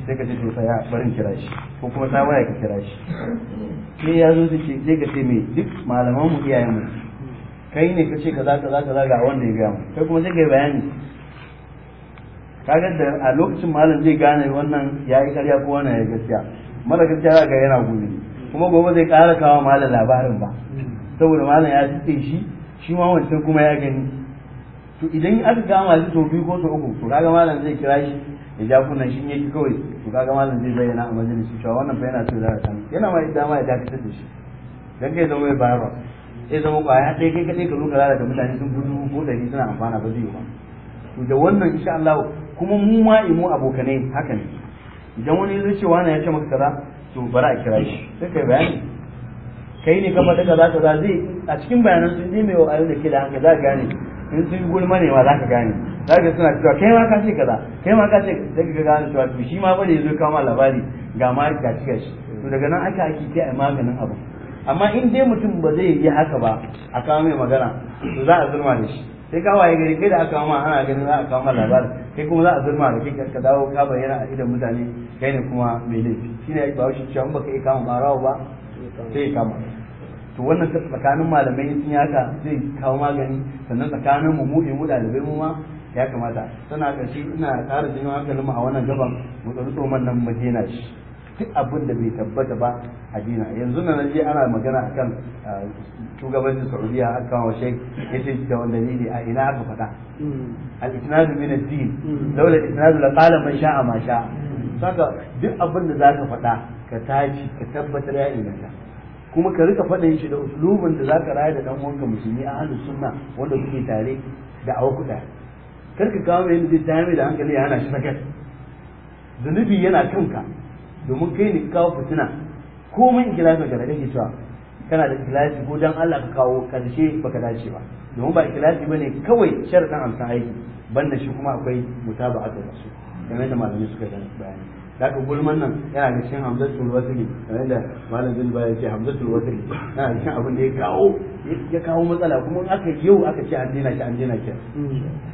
sai ka ce to sai ya barin kira shi ko kuma ta waya ka kira shi sai ya zo sai sai ka ce me duk malaman mu iyayen mu kai ne ka ce kaza kaza kaza ga wanda ya gaya mu kai kuma sai ka yi bayani kaga da a lokacin malam zai gane wannan ya yi karya ko wannan ya gaskiya mara gaskiya za ga yana gumi kuma gobe zai ƙara kawo malam labarin ba saboda malam ya tsitse shi shi ma wancan kuma ya gani to idan aka kama shi sau biyu ko sau uku to kaga malam zai kira shi ya ja kunna shi ki kawai to kaga malam zai bayyana a majalisi cewa wannan fa yana so ya zara yana ma dama ya dakatar da shi dan kai zama mai bayarwa sai zama kwaya ya kai kaɗai ka zo ka lalata mutane sun fi dubu ko ɗari suna amfana ba zai yi ba to da wannan insha Allah kuma mu ma imu abokanai haka ne idan wani zai ce wani ya ce maka kaza to bari a kira shi sai kai bayani kai ne ka faɗi kaza kaza zai a cikin bayanan sun ne mai wa'ayoyi da ke da hankali za gane in sun gulma ne ma za ka gane za ka suna cewa kai ma ka ce kaza kai ma ka ce da ka gane cewa to shi ma bane zai kawo ma labari ga ma ga cika shi to daga nan aka ake ta a maganin abu amma in dai mutum ba zai yi haka ba a kawo mai magana to za a zurma da shi sai ka waye gari kai da aka kawo ma ana ganin za a kawo ma labari kai kuma za a zurma da kai ka dawo ka bayyana a idan mutane kai ne kuma mai laifi ne ya ba shi cewa ba ka iya kama barawa ba sai ya kama to wannan tsakanin malamai sun yaka zai kawo magani sannan tsakanin mu mu mu dalibai mu ma ya kamata tana ƙarshe ina ƙara jin hankalin mu a wannan gaban mu tsaro tsoman nan mu shi duk abin da bai tabbata ba a dina yanzu na je ana magana akan ah, shugabancin saudiya aka kama shek ya ce da wanda ne a ina aka faɗa hmm. al-isnadu min ad-din laula hmm. al-isnadu la qala man sha'a ma sha'a hmm. saka duk abin da zaka faɗa ka tashi ka tabbatar ya inganta kuma ka rika faɗin shi da usulubin da zaka raya da dan uwanka musulmi a ahlus sunna wanda kuke tare da awa kar ka kawo mai zai tayar da hankali yana shi sakat zunubi yana kanka domin kai ne kawo fitina komai in kila ka gara kake cewa kana da ikilasi ko dan Allah ka kawo karshe baka dace ba domin ba ba bane kawai sharadin amsa aiki banda shi kuma akwai mutaba'atul rasul kamar da malamai suka yi bayani da ka gulman nan yana da cikin hamzatul wasili kamar da malam zulba ya ce hamzatul wasili yana da cikin abin da ya kawo ya kawo matsala kuma aka yau aka ce an dena shi an dena shi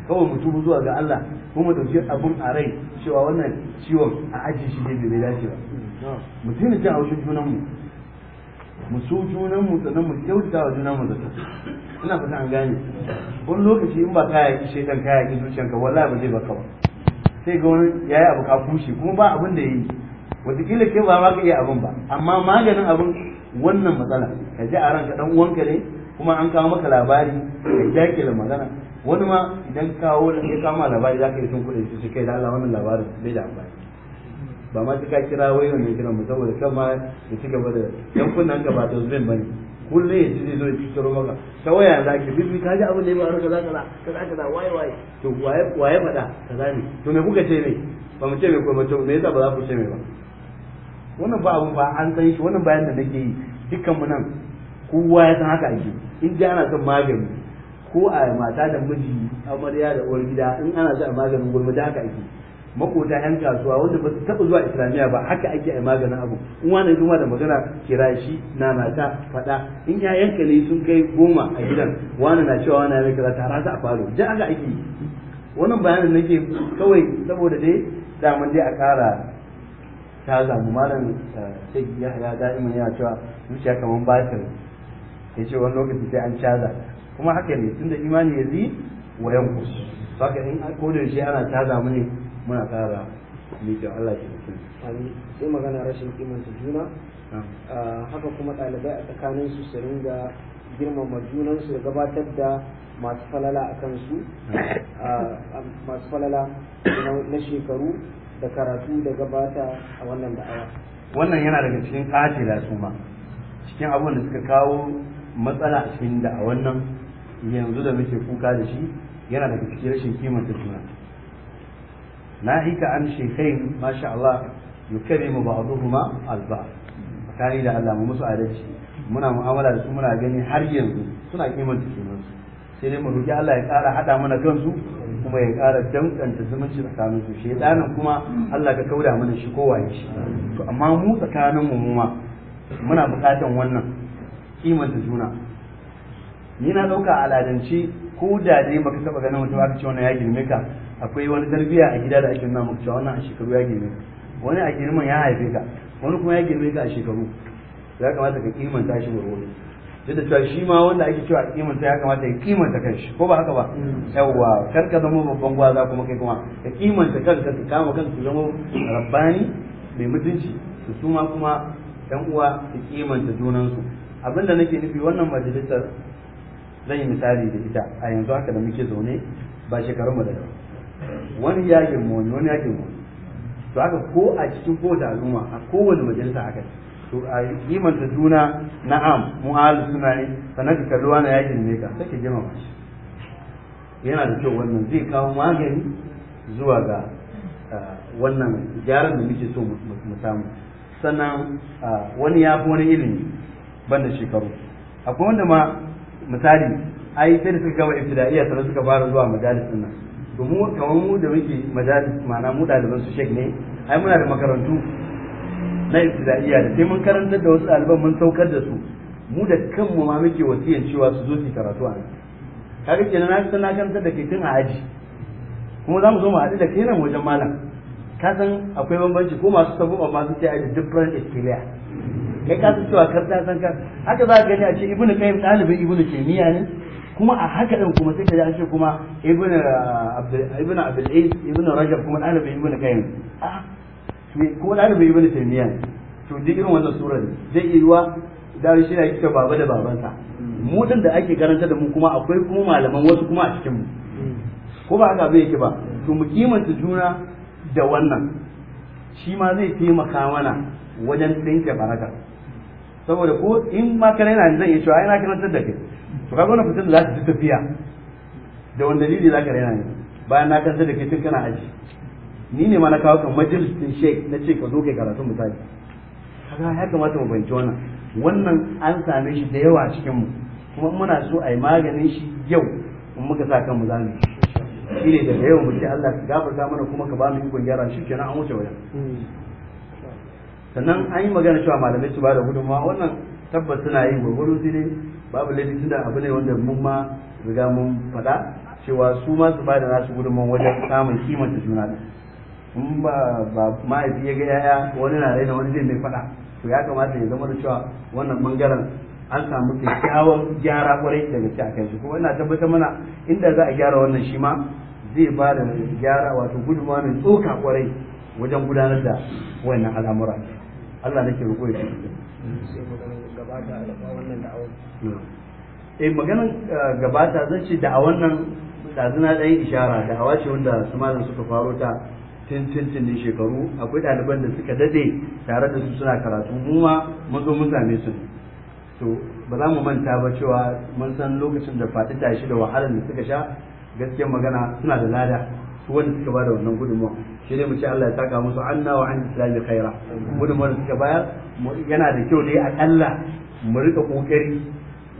kawai mu tubu zuwa ga Allah kuma dauki abun a rai cewa wannan ciwon a ajiye shi ne bai dace ba mutum ne a haushin junan mu mu su junan mu sannan mu kyauta wa junan mu zato ina fata an gane wani lokaci in ba kaya ki ka kaya ki ka wallahi ba zai ka ba sai ga wani yayi abu ka kushe kuma ba abin da yayi wataƙila ke ba ma ka iya abin ba amma maganin abin wannan matsala ka ji a ranka dan uwanka ne kuma an kawo maka labari ka da magana wani ma idan kawo ya kawo labari za ka yi sun kuɗe su kai da Allah wannan labarin bai da amfani ba ma ka kira wai wannan kira mu saboda kan ma ya ci gaba da kunnan ka ba ta zubin ba ne kullum ya ci zai zo ya ci tsoro maka ta waya za ki bi ka ji abin da ya faru kaza kaza kaza kaza waye waye to waye waye faɗa kaza ne to me kuka ce ne ba mu ce me kuma to me yasa ba za ku ce me ba wannan ba abun ba an san shi wannan bayan da nake yi dukkan mu nan kowa ya san haka ake in ji ana son magani ko a mata da miji amarya da uwar gida in ana son maganin gulma da haka ake makota yan kasuwa wanda ba su taɓa zuwa islamiyya ba haka ake a maganin abu in wani zuma da magana kira shi na nata faɗa in ya yanka ne sun kai goma a gidan wani na cewa wani ya kira tara ta a falo ja aka ake wannan bayanin nake kawai saboda dai daman dai a ƙara ta zamu malam eh, sai ya ya da'iman yana cewa zuciya kamar batir ya ce wani lokaci sai an caza kuma haka ne tunda imani ya zi wa yanku saka in ko da ana caza mu ne muna tsara Allah shi mutum. sai magana rashin kimanta juna ah, haka kuma ɗalibai a tsakanin su su ringa girmama junansu da gabatar da masu falala a kansu ah, masu falala na shekaru da karatu da gabata a wannan da'awa. wannan yana daga cikin da su ma cikin abin da suka kawo matsala a cikin da a wannan yanzu da muke kuka da shi yana daga cikin rashin kimanta juna ناهيك عن شيخين ما شاء الله يكرم بعضهما البعض tsakani da Allah mu musu adalci muna mu'amala da su muna gani har yanzu suna kimanta su. sai dai mu roki Allah ya kara hada mana kansu kuma ya ƙara dankanta zumunci tsakanin su shedanin kuma Allah ka kauda mana shi ko waye shi to amma mu tsakanin mu ma muna buƙatan wannan kimanta juna ni na ɗauka aladance ko da dai baka taɓa ganin mutum aka ce wannan ya girme akwai wani darbiya a gida da ake nuna maka cewa wannan a shekaru ya girme wani a girman ya haife ka wani kuma ya girme ka a shekaru ya kamata ka kimanta shi warware duk da cewa shi ma wanda ake cewa kimanta ya kamata ya kimanta kanshi ko ba haka ba mm. yawwa kar ka zama babban gwaza kuma kai kuma ka kimanta kanka ka kama kanka zama rabbani mai mutunci su suma kuma yan uwa su kimanta junansu abinda nake nufi wannan majalisar zan yi misali da ita a yanzu haka da muke zaune ba shekarunmu da yawa wani yakin moni wani yakin moni to haka ko a cikin ko da al'umma a kowane majalisa haka to a kimanta juna na'am mu'alu suna ne sannan ka kalli wani yakin ne ka sai ka ba shi yana da kyau wannan zai kawo magani zuwa ga wannan gyaran da muke so mu samu sannan wani ya fi wani ilimi ban da shekaru akwai wanda ma misali ai sai da suka gama ibtida'iyya sannan suka fara zuwa majalisin nan domin kamar mu da muke majalis ma'ana mu ɗaliban su shek ne ai muna da makarantu na ibtida'iyya da sai mun karantar da wasu ɗaliban mun saukar da su mu da kanmu ma muke wasiyan cewa su zo su karatu a nan kaga kenan na san na karantar da kai tun a aji kuma za mu zo mu haɗu da kai nan wajen malam ka san akwai bambanci ko masu sabo amma su ce ai different experience kai ka san cewa karta ta san ka haka za ka gani a ce ibnu qayyim ɗalibin ibnu taymiya ne kuma a haka ɗin kuma sai ka ji kuma ibn uh, ibn ibn rajab kuma ɗalibin ibn kayan. ah kuma ɗalibin ibn taymiya to duk irin wannan surar zai iya yiwa da shi na kika baba da babansa mu din da ake karanta da mu kuma akwai kuma malaman wasu kuma a cikin mu ko ba haka bai ke ba to mu kimanta juna da wannan shi ma zai taimaka mana wajen tsinke baraka saboda ko in ma kana yana zan iya cewa ai na karantar da kai to kaga wannan fitar da za ta tafiya da wani dalili za ka raina ne bayan na kanta da ke tun kana aji ni ne ma na kawo kan majalisin sheik na ce ka zo kai karatun misali kaga ya kamata mu fahimci wannan wannan an same shi da yawa cikin mu kuma muna so a yi maganin shi yau in muka sa kanmu mu shi ne daga yau muke. Allah ka gafarta mana kuma ka ba mu ikon gyara shi kenan an wuce wajen sannan an yi magana cewa malamai su ba da gudunmawa wannan tabbas suna yi gwargwaro sai dai babu laifin tunda abu ne wanda mun ma riga mun faɗa cewa su ma su bada nasu gudunmawar wajen samun kimanta juna da in ba ba mahaifi ya ga yaya wani na raina wani zai mai faɗa to ya kamata ya zama da cewa wannan bangaren an samu kyakkyawan gyara kwarai daga ci a kai su kuma ina tabbatar mana inda za a gyara wannan shi ma zai ba da gyara wato gudunmawa mai tsoka kwarai wajen gudanar da wannan al'amura Allah nake roƙo ya maganar gabata a wannan a eh maganar eh, gabata zan da a wannan ɗazuna ɗan ishara da'awa ce wanda su malam suka faro ta tintintin shekaru akwai ɗaliban da suka dade tare da su suna karatu mu ma mun zo mun same su to ba za mu manta ba cewa mun san lokacin da fati tashi da wahalar da suka sha gaskiyar magana suna da lada su wanda suka ba da wannan gudunmawa shi ne mu ce Allah ya saka musu anna wa an islami khaira gudun wani suka bayar yana da kyau dai aƙalla mu rika kokari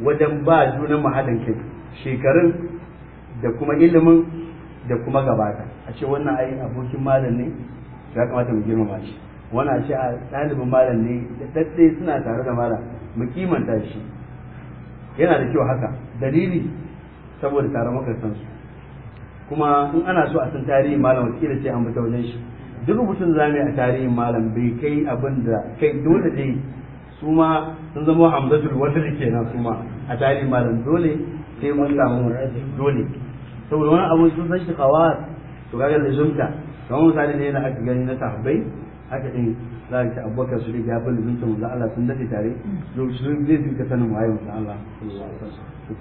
wajen ba junan mu haɗin kai shekarun da kuma ilimin da kuma gabata a ce wannan ai abokin malam ne ya kamata mu girmama shi wannan a ce a ɗalibin malam ne da ɗaɗɗe suna tare da malam mu kimanta shi yana da kyau haka dalili saboda tare makasansu kuma in ana so a san tarihin malam wakila sai an bi ta wajen shi duk rubutun za mu a tarihin malam bai kai abin da kai dole dai su ma sun zama hamzatul wasl kenan su ma a tarihin malam dole sai mun samu dole saboda wani abu sun san shi kawar to da zunta kamar misali ne na aka gani na sahabbai haka din za ka ci abubakar su ya fi lubinta mu Allah sun dade tare lokacin zai sanin waye Allah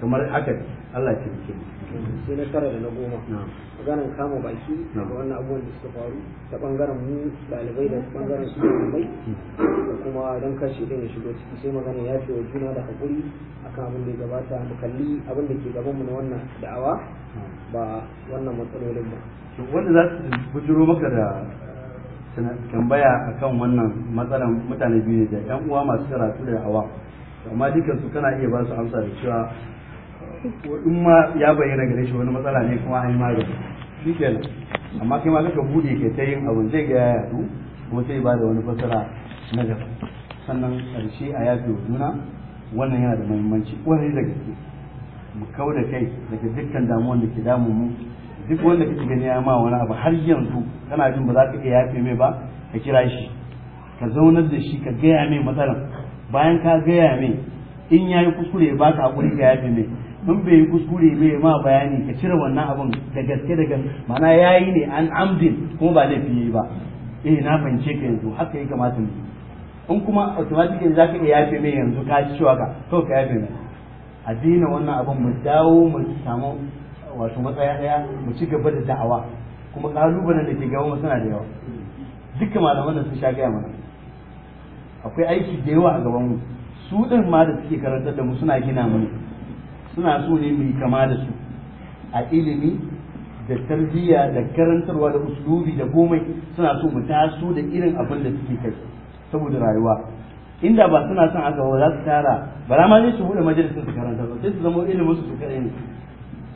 kamar haka Allah sai na tara da na goma maganin kama baki da wannan abubuwan da suka faru ta bangaren mu dalibai da bangaren su dalibai hmm. kuma don kashe din ya shigo ciki sai magana ya fi wa juna da hakuri akan abin da ya gabata mu kalli abin da ke gabanmu na wannan da'awa ba wannan matsalolin ba wanda za su bujiro maka da eh, tambaya kan wannan matsalan mutane biyu ne da yan uwa masu karatu da awa amma dukansu kana iya ba su amsa da cewa in ma ya bayyana gare shi wani matsala ne kuma an yi magani shi kenan amma kai ma kaka bude ke ta yin abun zai ga yadu kuma sai ba da wani fassara na gaba sannan karshe a yafi wa juna wannan yana da muhimmanci wani da gaske mu kau da kai daga dukkan damuwan da ke damu mu duk wanda kake gani ya ma wani abu har yanzu kana jin ba za ka iya yafe mai ba ka kira shi ka zaunar da shi ka gaya mai matsalan bayan ka gaya mai in ya yi kuskure ba ka haƙuri ka yafe mai in bai yi kuskure bai ma bayani ka cire wannan abun da gaske da gaske mana yi ne an amdin kuma ba laifi yayi ba eh na fahimce ka yanzu haka ya kamata mu in kuma automatically za ka iya yafe mai yanzu ka ci cewa ka to ka yafe mai a daina wannan abun mu dawo mu samu wato matsaya daya mu ci gaba da da'awa kuma kalubalen da ke gaban mu suna da yawa dukkan malaman da sun sha gaya mana akwai aiki da yawa a gaban mu su din ma da suke karantar da mu suna gina mana suna so ne mai kama da su a ilimi da tarbiyya da karantarwa da uslubi da komai suna so mu taso da irin abin da suke kai saboda rayuwa inda ba suna son haka ba za su tara ba ma zai su bude majalisar su karanta ba sai su zama ilimin su su kaɗai ne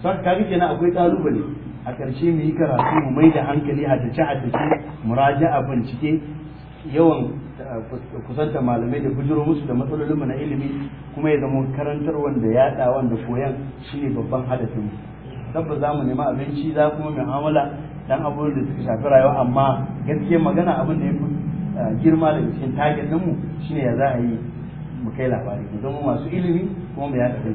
son kaga kenan akwai ƙalubale a karshe mu yi karatu mu mai da hankali a tace a tace muraja'a bincike yawan kusanta malamai da bujiro musu da matsalolinmu na ilimi kuma ya zama karantar wanda ya da wanda koyan shine babban mu tabba za mu nema abinci za kuma mu'amala dan abubuwan da suka shafi rayuwa amma gaskiya magana abin da ya fi girma da cikin target mu shine ya za a yi mu kai labari mu zama masu ilimi kuma mu yaɗa kai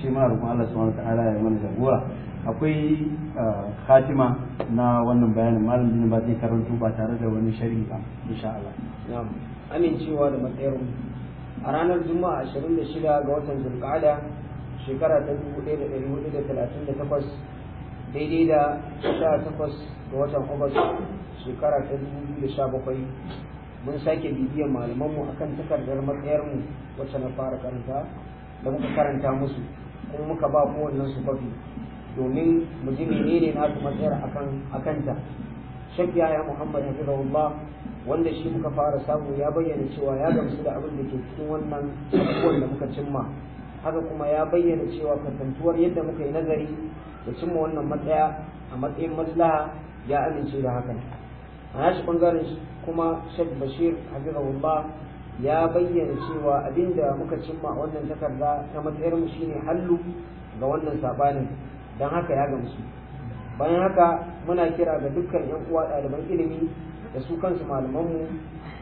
shi ma rukun Allah su subhanahu ta'ala ya mana jagora akwai ah, khatima na wannan bayanin malam jini ba zai karanto ba tare da wani sharhi ba insha Allah amincewa da matsayin a ranar juma'a 26 ga watan zulkada shekara ta 1438 daidai da 18 ga watan August shekara ta 2017 mun sake bibiyar malamanmu akan takardar matsayarmu wacce na fara karanta da muka karanta musu kuma muka ba wannan su kwafi domin mu ji menene na su matsayar akan ta shek ya muhammad hafizahullah wanda shi muka fara samu ya bayyana cewa ya gamsu da abin da ke cikin wannan abubuwan da muka cimma haka kuma ya bayyana cewa kasantuwar yadda muka yi nazari da cimma wannan matsaya a matsayin maslaha ya amince da hakan a nashi bangaren kuma shek bashir hafizahullah ya bayyana cewa abinda muka cimma a wannan takarda ta matsayar mu shine hallu ga wannan sabanin dan haka ya gamsu bayan haka muna kira ga dukkan yan uwa ɗaliban ilimi da su kansu malamanmu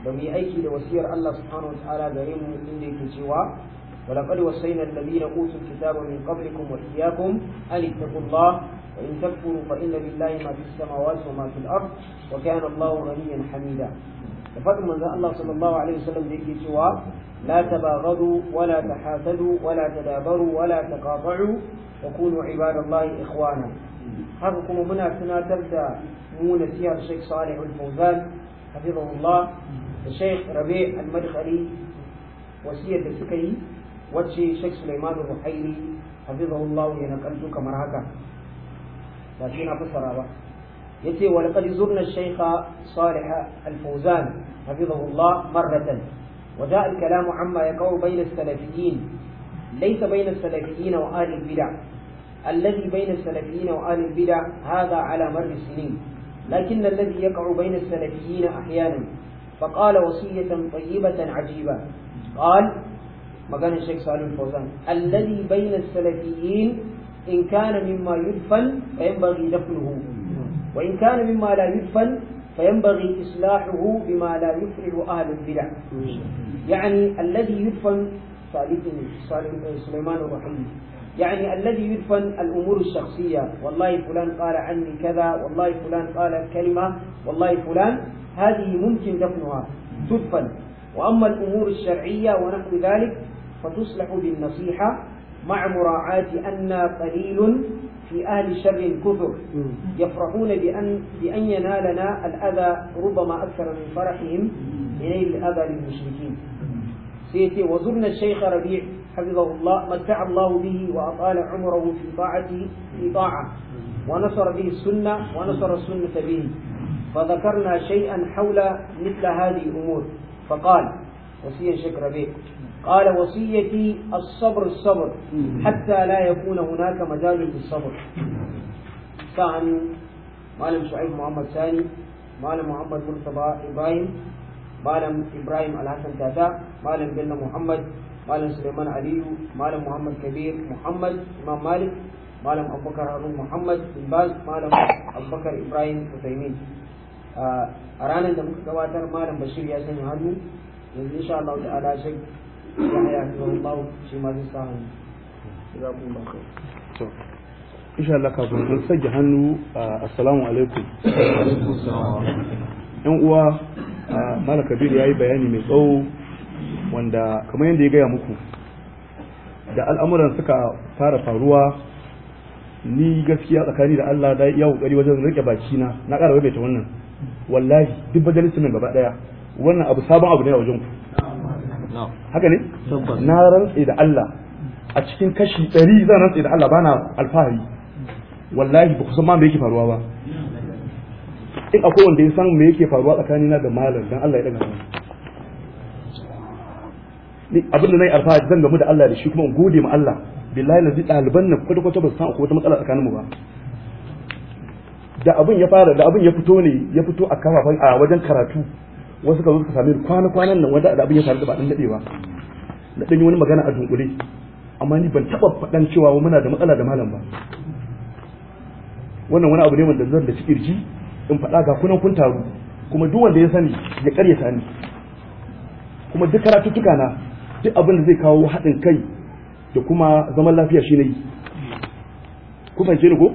da mu yi aiki da wasiyar Allah subhanahu wataala gare mu inda yake cewa ولقد وصينا الذين اوتوا الكتاب من قبلكم واياكم ان اتقوا الله وان تكفروا فان لله ما في السماوات وما في الارض وكان الله غنيا حميدا da faɗin manzon Allah sallallahu alaihi wasallam da yake cewa la tabaghadu wala tahasadu wala tadabaru wala taqata'u wa kunu ibadallahi ikhwana haka kuma muna tunatar da mu nasihar Sheikh Salih Al-Fawzan hafizahullah da Sheikh Rabi' Al-Madkhali wasiyar da suka yi wacce Sheikh Sulaiman Al-Ruhaili hafizahullah ya nakalto kamar haka ba shi na fassara ba يتي ولقد زرنا الشيخ صالح الفوزان حفظه الله مرة وجاء الكلام عما يقع بين السلفيين ليس بين السلفيين وآل البدع الذي بين السلفيين وآل البدع هذا على مر السنين لكن الذي يقع بين السلفيين أحيانا فقال وصية طيبة عجيبة قال مكان الشيخ صالح الفوزان الذي بين السلفيين إن كان مما يدفن فينبغي دفنه وإن كان مما لا يدفن فينبغي إصلاحه بما لا يفعل أهل البدع يعني الذي يدفن صالح سليمان الرحيم يعني الذي يدفن الأمور الشخصية والله فلان قال عني كذا والله فلان قال كلمة والله فلان هذه ممكن دفنها تدفن وأما الأمور الشرعية ونحو ذلك فتصلح بالنصيحة مع مراعاة أن قليل في أهل شر كثر يفرحون بأن, بأن ينالنا الأذى ربما أكثر من فرحهم بنيل الأذى للمشركين سيتي وزرنا الشيخ ربيع حفظه الله متع الله به وأطال عمره في طاعته في طاعة ونصر به السنة ونصر السنة به فذكرنا شيئا حول مثل هذه الأمور فقال وصية شيخ ربيع قال وصيتي الصبر الصبر حتى لا يكون هناك مجال للصبر كان مالم شعيب محمد ثاني مالم محمد مرتضى إبراهيم مالم إبراهيم الحسن تاتا مالم بن محمد مالم سليمان علي مالم محمد كبير محمد إمام مالك مالم أبو بكر هارون محمد بن باز مالم أبو بكر إبراهيم عثيمين a ranar da muka gabatar malam bashir ya sanya hannu yanzu insha Allah ta'ala shi ya haya ta Allah shi ma zai samu jazakumullahu khair to insha Allah kafin mun sage hannu assalamu alaikum yan uwa mala kabir yi bayani mai tsawo wanda kamar yadda ya gaya muku da al'amuran suka fara faruwa ni gaskiya tsakani da Allah da ya kokari wajen rike baki na na ƙara ta wannan wallahi duk bajalisin nan gaba daya wannan abu sabon abu ne a wajen ku haka ne na rantse da Allah a cikin kashi ɗari zan rantse da Allah bana alfahari wallahi ba kusan ma me yake faruwa ba in akwai wanda ya san me yake faruwa tsakanina da malam dan Allah ya daga ni abin da nayi alfahari zan gamu da Allah da shi kuma in gode ma Allah billahi na daliban nan kwata kwata ba san akwai wata matsala tsakanin mu ba da abin ya fara da abin ya fito ne ya fito a kafafen a wajen karatu wasu ka zo suka sami kwana kwanan nan wanda abin ya faru da ba dan dadewa na dan yi wani magana a dunkule amma ni ban taba fadan cewa muna da matsala da malam ba wannan wani abu ne wanda zan da cikirji in faɗa ga kunan kun taru kuma duk wanda ya sani ya karyata sani. kuma duk karatuttuka na duk abin da zai kawo haɗin kai da kuma zaman lafiya shi ne yi ku fahimce ni ko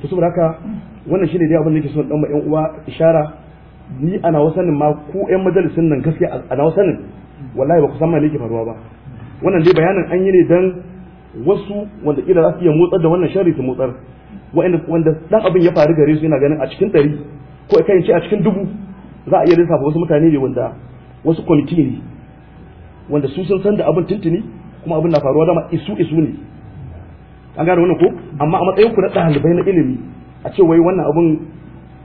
to saboda haka wannan shine dai abin da nake son dan ma yan uwa ishara ni ana wasanin ma ku yan majalisin nan gaskiya ana wasanin wallahi ba ku san ma faruwa ba wannan dai bayanin an yi ne dan wasu wanda kila za su iya motsar da wannan sharri su motsar wanda wanda dan abin ya faru gare su yana ganin a cikin ɗari ko kai ce a cikin dubu za a iya lissafa wasu mutane ne wanda wasu kwamiti ne wanda su sun san da abin tuntuni kuma abin na faruwa dama isu isu ne an gane wannan ko amma a matsayin ku na ɗalibai na ilimi a ce wai wannan abin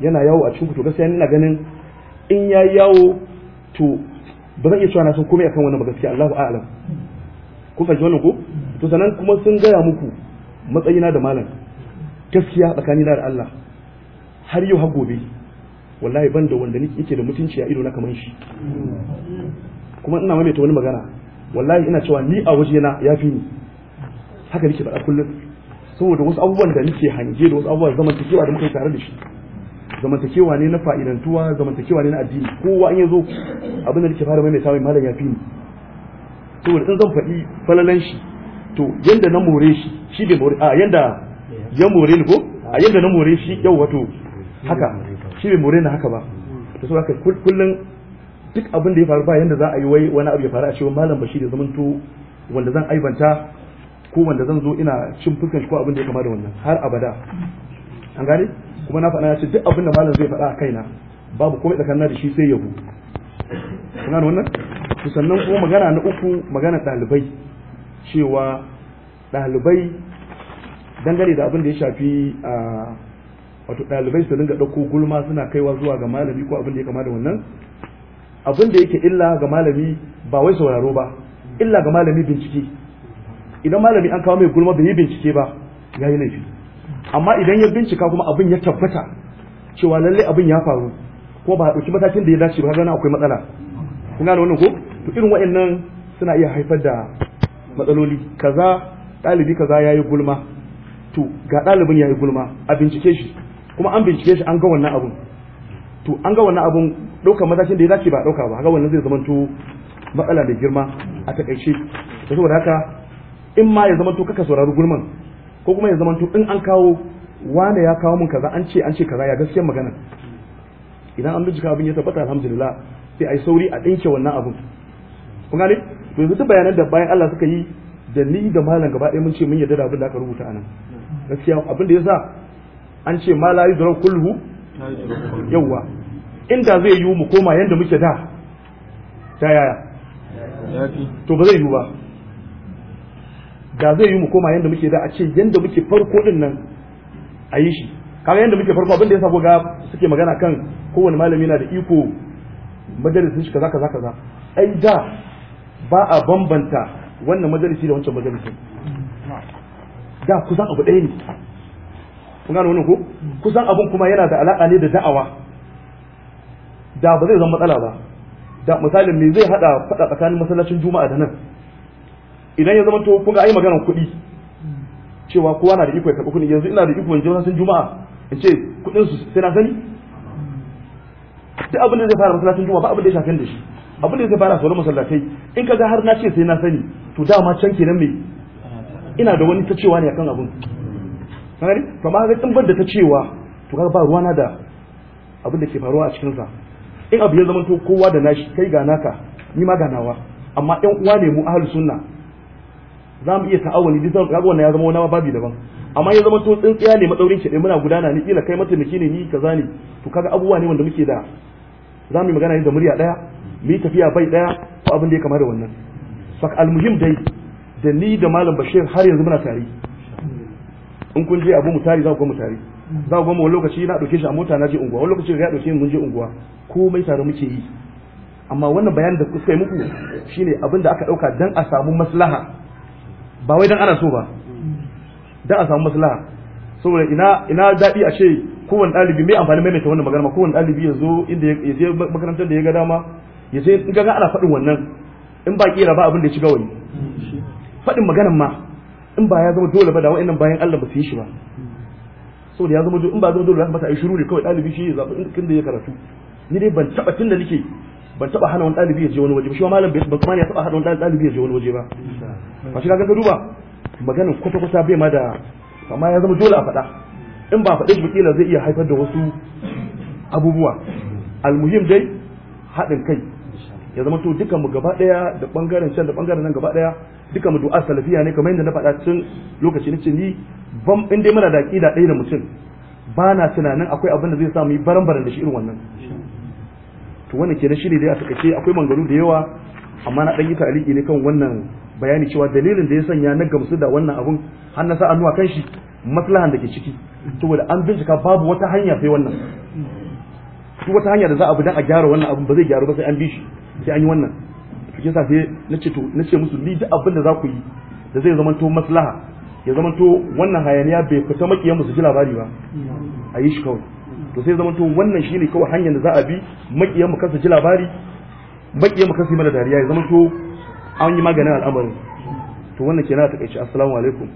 yana yawo a cikin to gaskiya ina ganin in ya yawo to ba zan iya cewa na san komai akan wannan ba gaskiya Allahu a'lam kun fahimci wannan ko to sanan kuma sun gaya muku matsayina da malam gaskiya tsakanina da Allah har yau har gobe wallahi ban da wanda yake da mutunci a ido na kaman shi kuma ina ta wani magana wallahi ina cewa ni a wajena ya fi ni haka nake faɗa kullum saboda wasu abubuwan da nake hange da wasu abubuwan zaman tafiya da muka yi tare da shi zamantakewa ne na fa'idantuwa zamantakewa ne na addini kowa an yanzu abin da nake fara mai samun malam ya fi ni saboda san zan faɗi falalan shi to yanda na more shi shi bai more a yanda ya more ni ko a yanda na more shi yau wato haka shi bai more ni haka ba to saboda haka kullun duk abin da ya faru ba yanda za a yi wai wani abu ya faru a cewa malam bashir ya zamanto wanda zan aibanta ko wanda zan zo ina cin fuskan shi ko abin da ya kama da wannan har abada an gane kuma na faɗa ya ce duk abin da malam zai faɗa a kaina babu komai tsakanin da shi sai yabo kun da wannan to sannan kuma magana na uku magana ɗalibai cewa ɗalibai dangane da abin da ya shafi a wato ɗalibai su dinga ɗauko gulma suna kaiwa zuwa ga malami ko abin da ya kama da wannan abin da yake illa ga malami ba wai sauraro ba illa ga malami bincike idan malami an kawo mai gulma bai yi bincike ba ya yi laifi amma idan ya bincika kuma abin ya tabbata cewa lalle abin ya faru ko ba a ɗauki matakin da ya dace ba gana akwai matsala kun gane wannan ko to irin wa'annan suna iya haifar da matsaloli kaza ɗalibi kaza ya yi gulma to ga ɗalibin ya yi gulma a bincike shi kuma an bincike shi an ga wannan abun to an ga wannan abun ɗaukar matakin da ya dace ba ɗauka ba ga wannan zai zamanto matsala da girma a takaice saboda haka in ma ya zamanto kaka saurari gulman ko kuma ya zamanto in an kawo wane ya kawo mun kaza an ce an ce kaza ya gaskiyar magana idan an bincika abin ya tabbata alhamdulillah sai ai sauri a dinke wannan abin kun gane to yanzu duk bayanan da bayan Allah suka yi da ni da malam gaba ɗaya mun ce mun yarda da abin da aka rubuta anan gaskiya abin da yasa an ce ma la yuzra kullu yawa inda zai yi mu koma yanda muke da ta yaya to ba zai yi ba da zai yi mu koma yadda muke da a ce yadda muke farko din nan a yi shi kaga yadda muke farko abinda ya sako ga suke magana kan kowane malami na da iko majalisin shi kaza kaza kaza ai da ba a bambanta wannan majalisi da wancan majalisin da kusan abu ɗaya ne kun wani wannan ko kusan abun kuma yana da alaƙa ne da da'awa da ba zai zama matsala ba da misalin me zai hada fada tsakanin masallacin juma'a da nan idan ya zama to kun ga ai maganar kuɗi cewa kowa na da iko ya karɓi kuɗi yanzu ina da iko in je wasan juma'a in ce kuɗin su sai na sani duk abin da zai fara masallacin juma'a ba abin da ya shafi da shi abin da zai fara sauran masallatai in ka ga har na ce sai na sani to dama can kenan me ina da wani ta cewa ne akan abin To ma ga bar da ta cewa to kaga ba ruwana da abin da ke faruwa a cikin sa in abu ya zama to kowa da nashi kai ga naka ni ma ga nawa amma ɗan uwa ne mu ahlus sunna za mu iya ta'awuli duk kaga wannan ya zama wani babi daban amma ya zama to tsintsiya ne madaurin shi muna gudana ni kila kai mataimaki ne ni kaza ne to kaga abubuwa ne wanda muke da za mu yi magana ne da murya daya mu yi tafiya bai daya ko abin da ya kama da wannan sak almuhim dai da ni da malam bashir har yanzu muna tare in kun je abu mu tare za ku mu tare za ku goma wani lokaci na dauke shi a mota na je unguwa wani lokaci ya dauke mun je unguwa komai tare muke yi amma wannan bayanin da kuka yi muku shine abin da aka ɗauka dan a samu maslaha ba wai dan ana so ba dan a samu maslaha saboda ina ina daɗi a ce kowane ɗalibi mai amfani maimaita wannan magana ma kowane ɗalibi ya zo inda ya je makarantar da ya ga dama ya je in ga ana fadin wannan in ba kira ba abin da ya ci wani. Fadin maganan ma in ba ya zama dole ba da wa'annan bayan Allah ba su yi shi ba saboda ya zama dole in ba zama dole ba ta yi shiru ne kawai dalibi shi ya zaɓi in kin da ya karatu ni dai ban taɓa tun nake ban taɓa hana wani dalibi ya je wani waje ba shi ma malam bai ban ya taɓa hana wani dalibi ya je wani waje ba ba shi ka ga duba maganin kwata kwata bai ma da amma ya zama dole a faɗa in ba faɗe shi ba zai iya haifar da wasu abubuwa almuhim dai haɗin kai ya zama to dukan mu gaba daya da ɓangaren can da ɓangaren nan gaba daya dukan mu salafiya ne kamar yadda na faɗa cin lokaci cin ni ban in dai muna da aqida ɗaya da mutum ba na tunanin akwai abin da zai samu yi baran-baran da shi irin wannan to wannan kenan ne dai a takaice akwai mangaru da yawa amma na ɗan yi ta'aliki ne kan wannan bayani cewa dalilin da ya sanya na gamsu da wannan abun har na sa annuwa kan shi maslahan da ke ciki saboda an bincika babu wata hanya sai wannan duk wata hanya da za a bi dan a gyara wannan abun ba zai gyaru ba sai an bi shi sai an yi wannan to sa sai nace to nace musu ni duk abin da za ku yi da zai zama to maslaha ya zama to wannan hayaniya bai fita makiyan musu ji labari ba a yi shi kawai to sai zama to wannan shine kawai hanyar da za a bi makiyan mu kansa ji labari makiyan mu kansa yi mana dariya ya zama to an yi maganin al'amarin to wannan ke kenan a takaice assalamu alaikum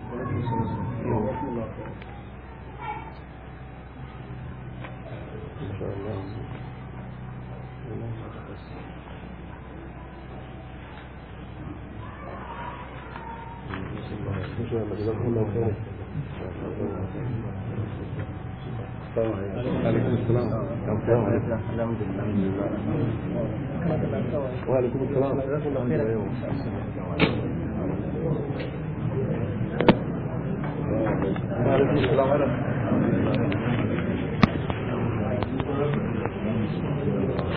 السلام عليكم السلام الحمد لله وعليكم السلام وعليكم السلام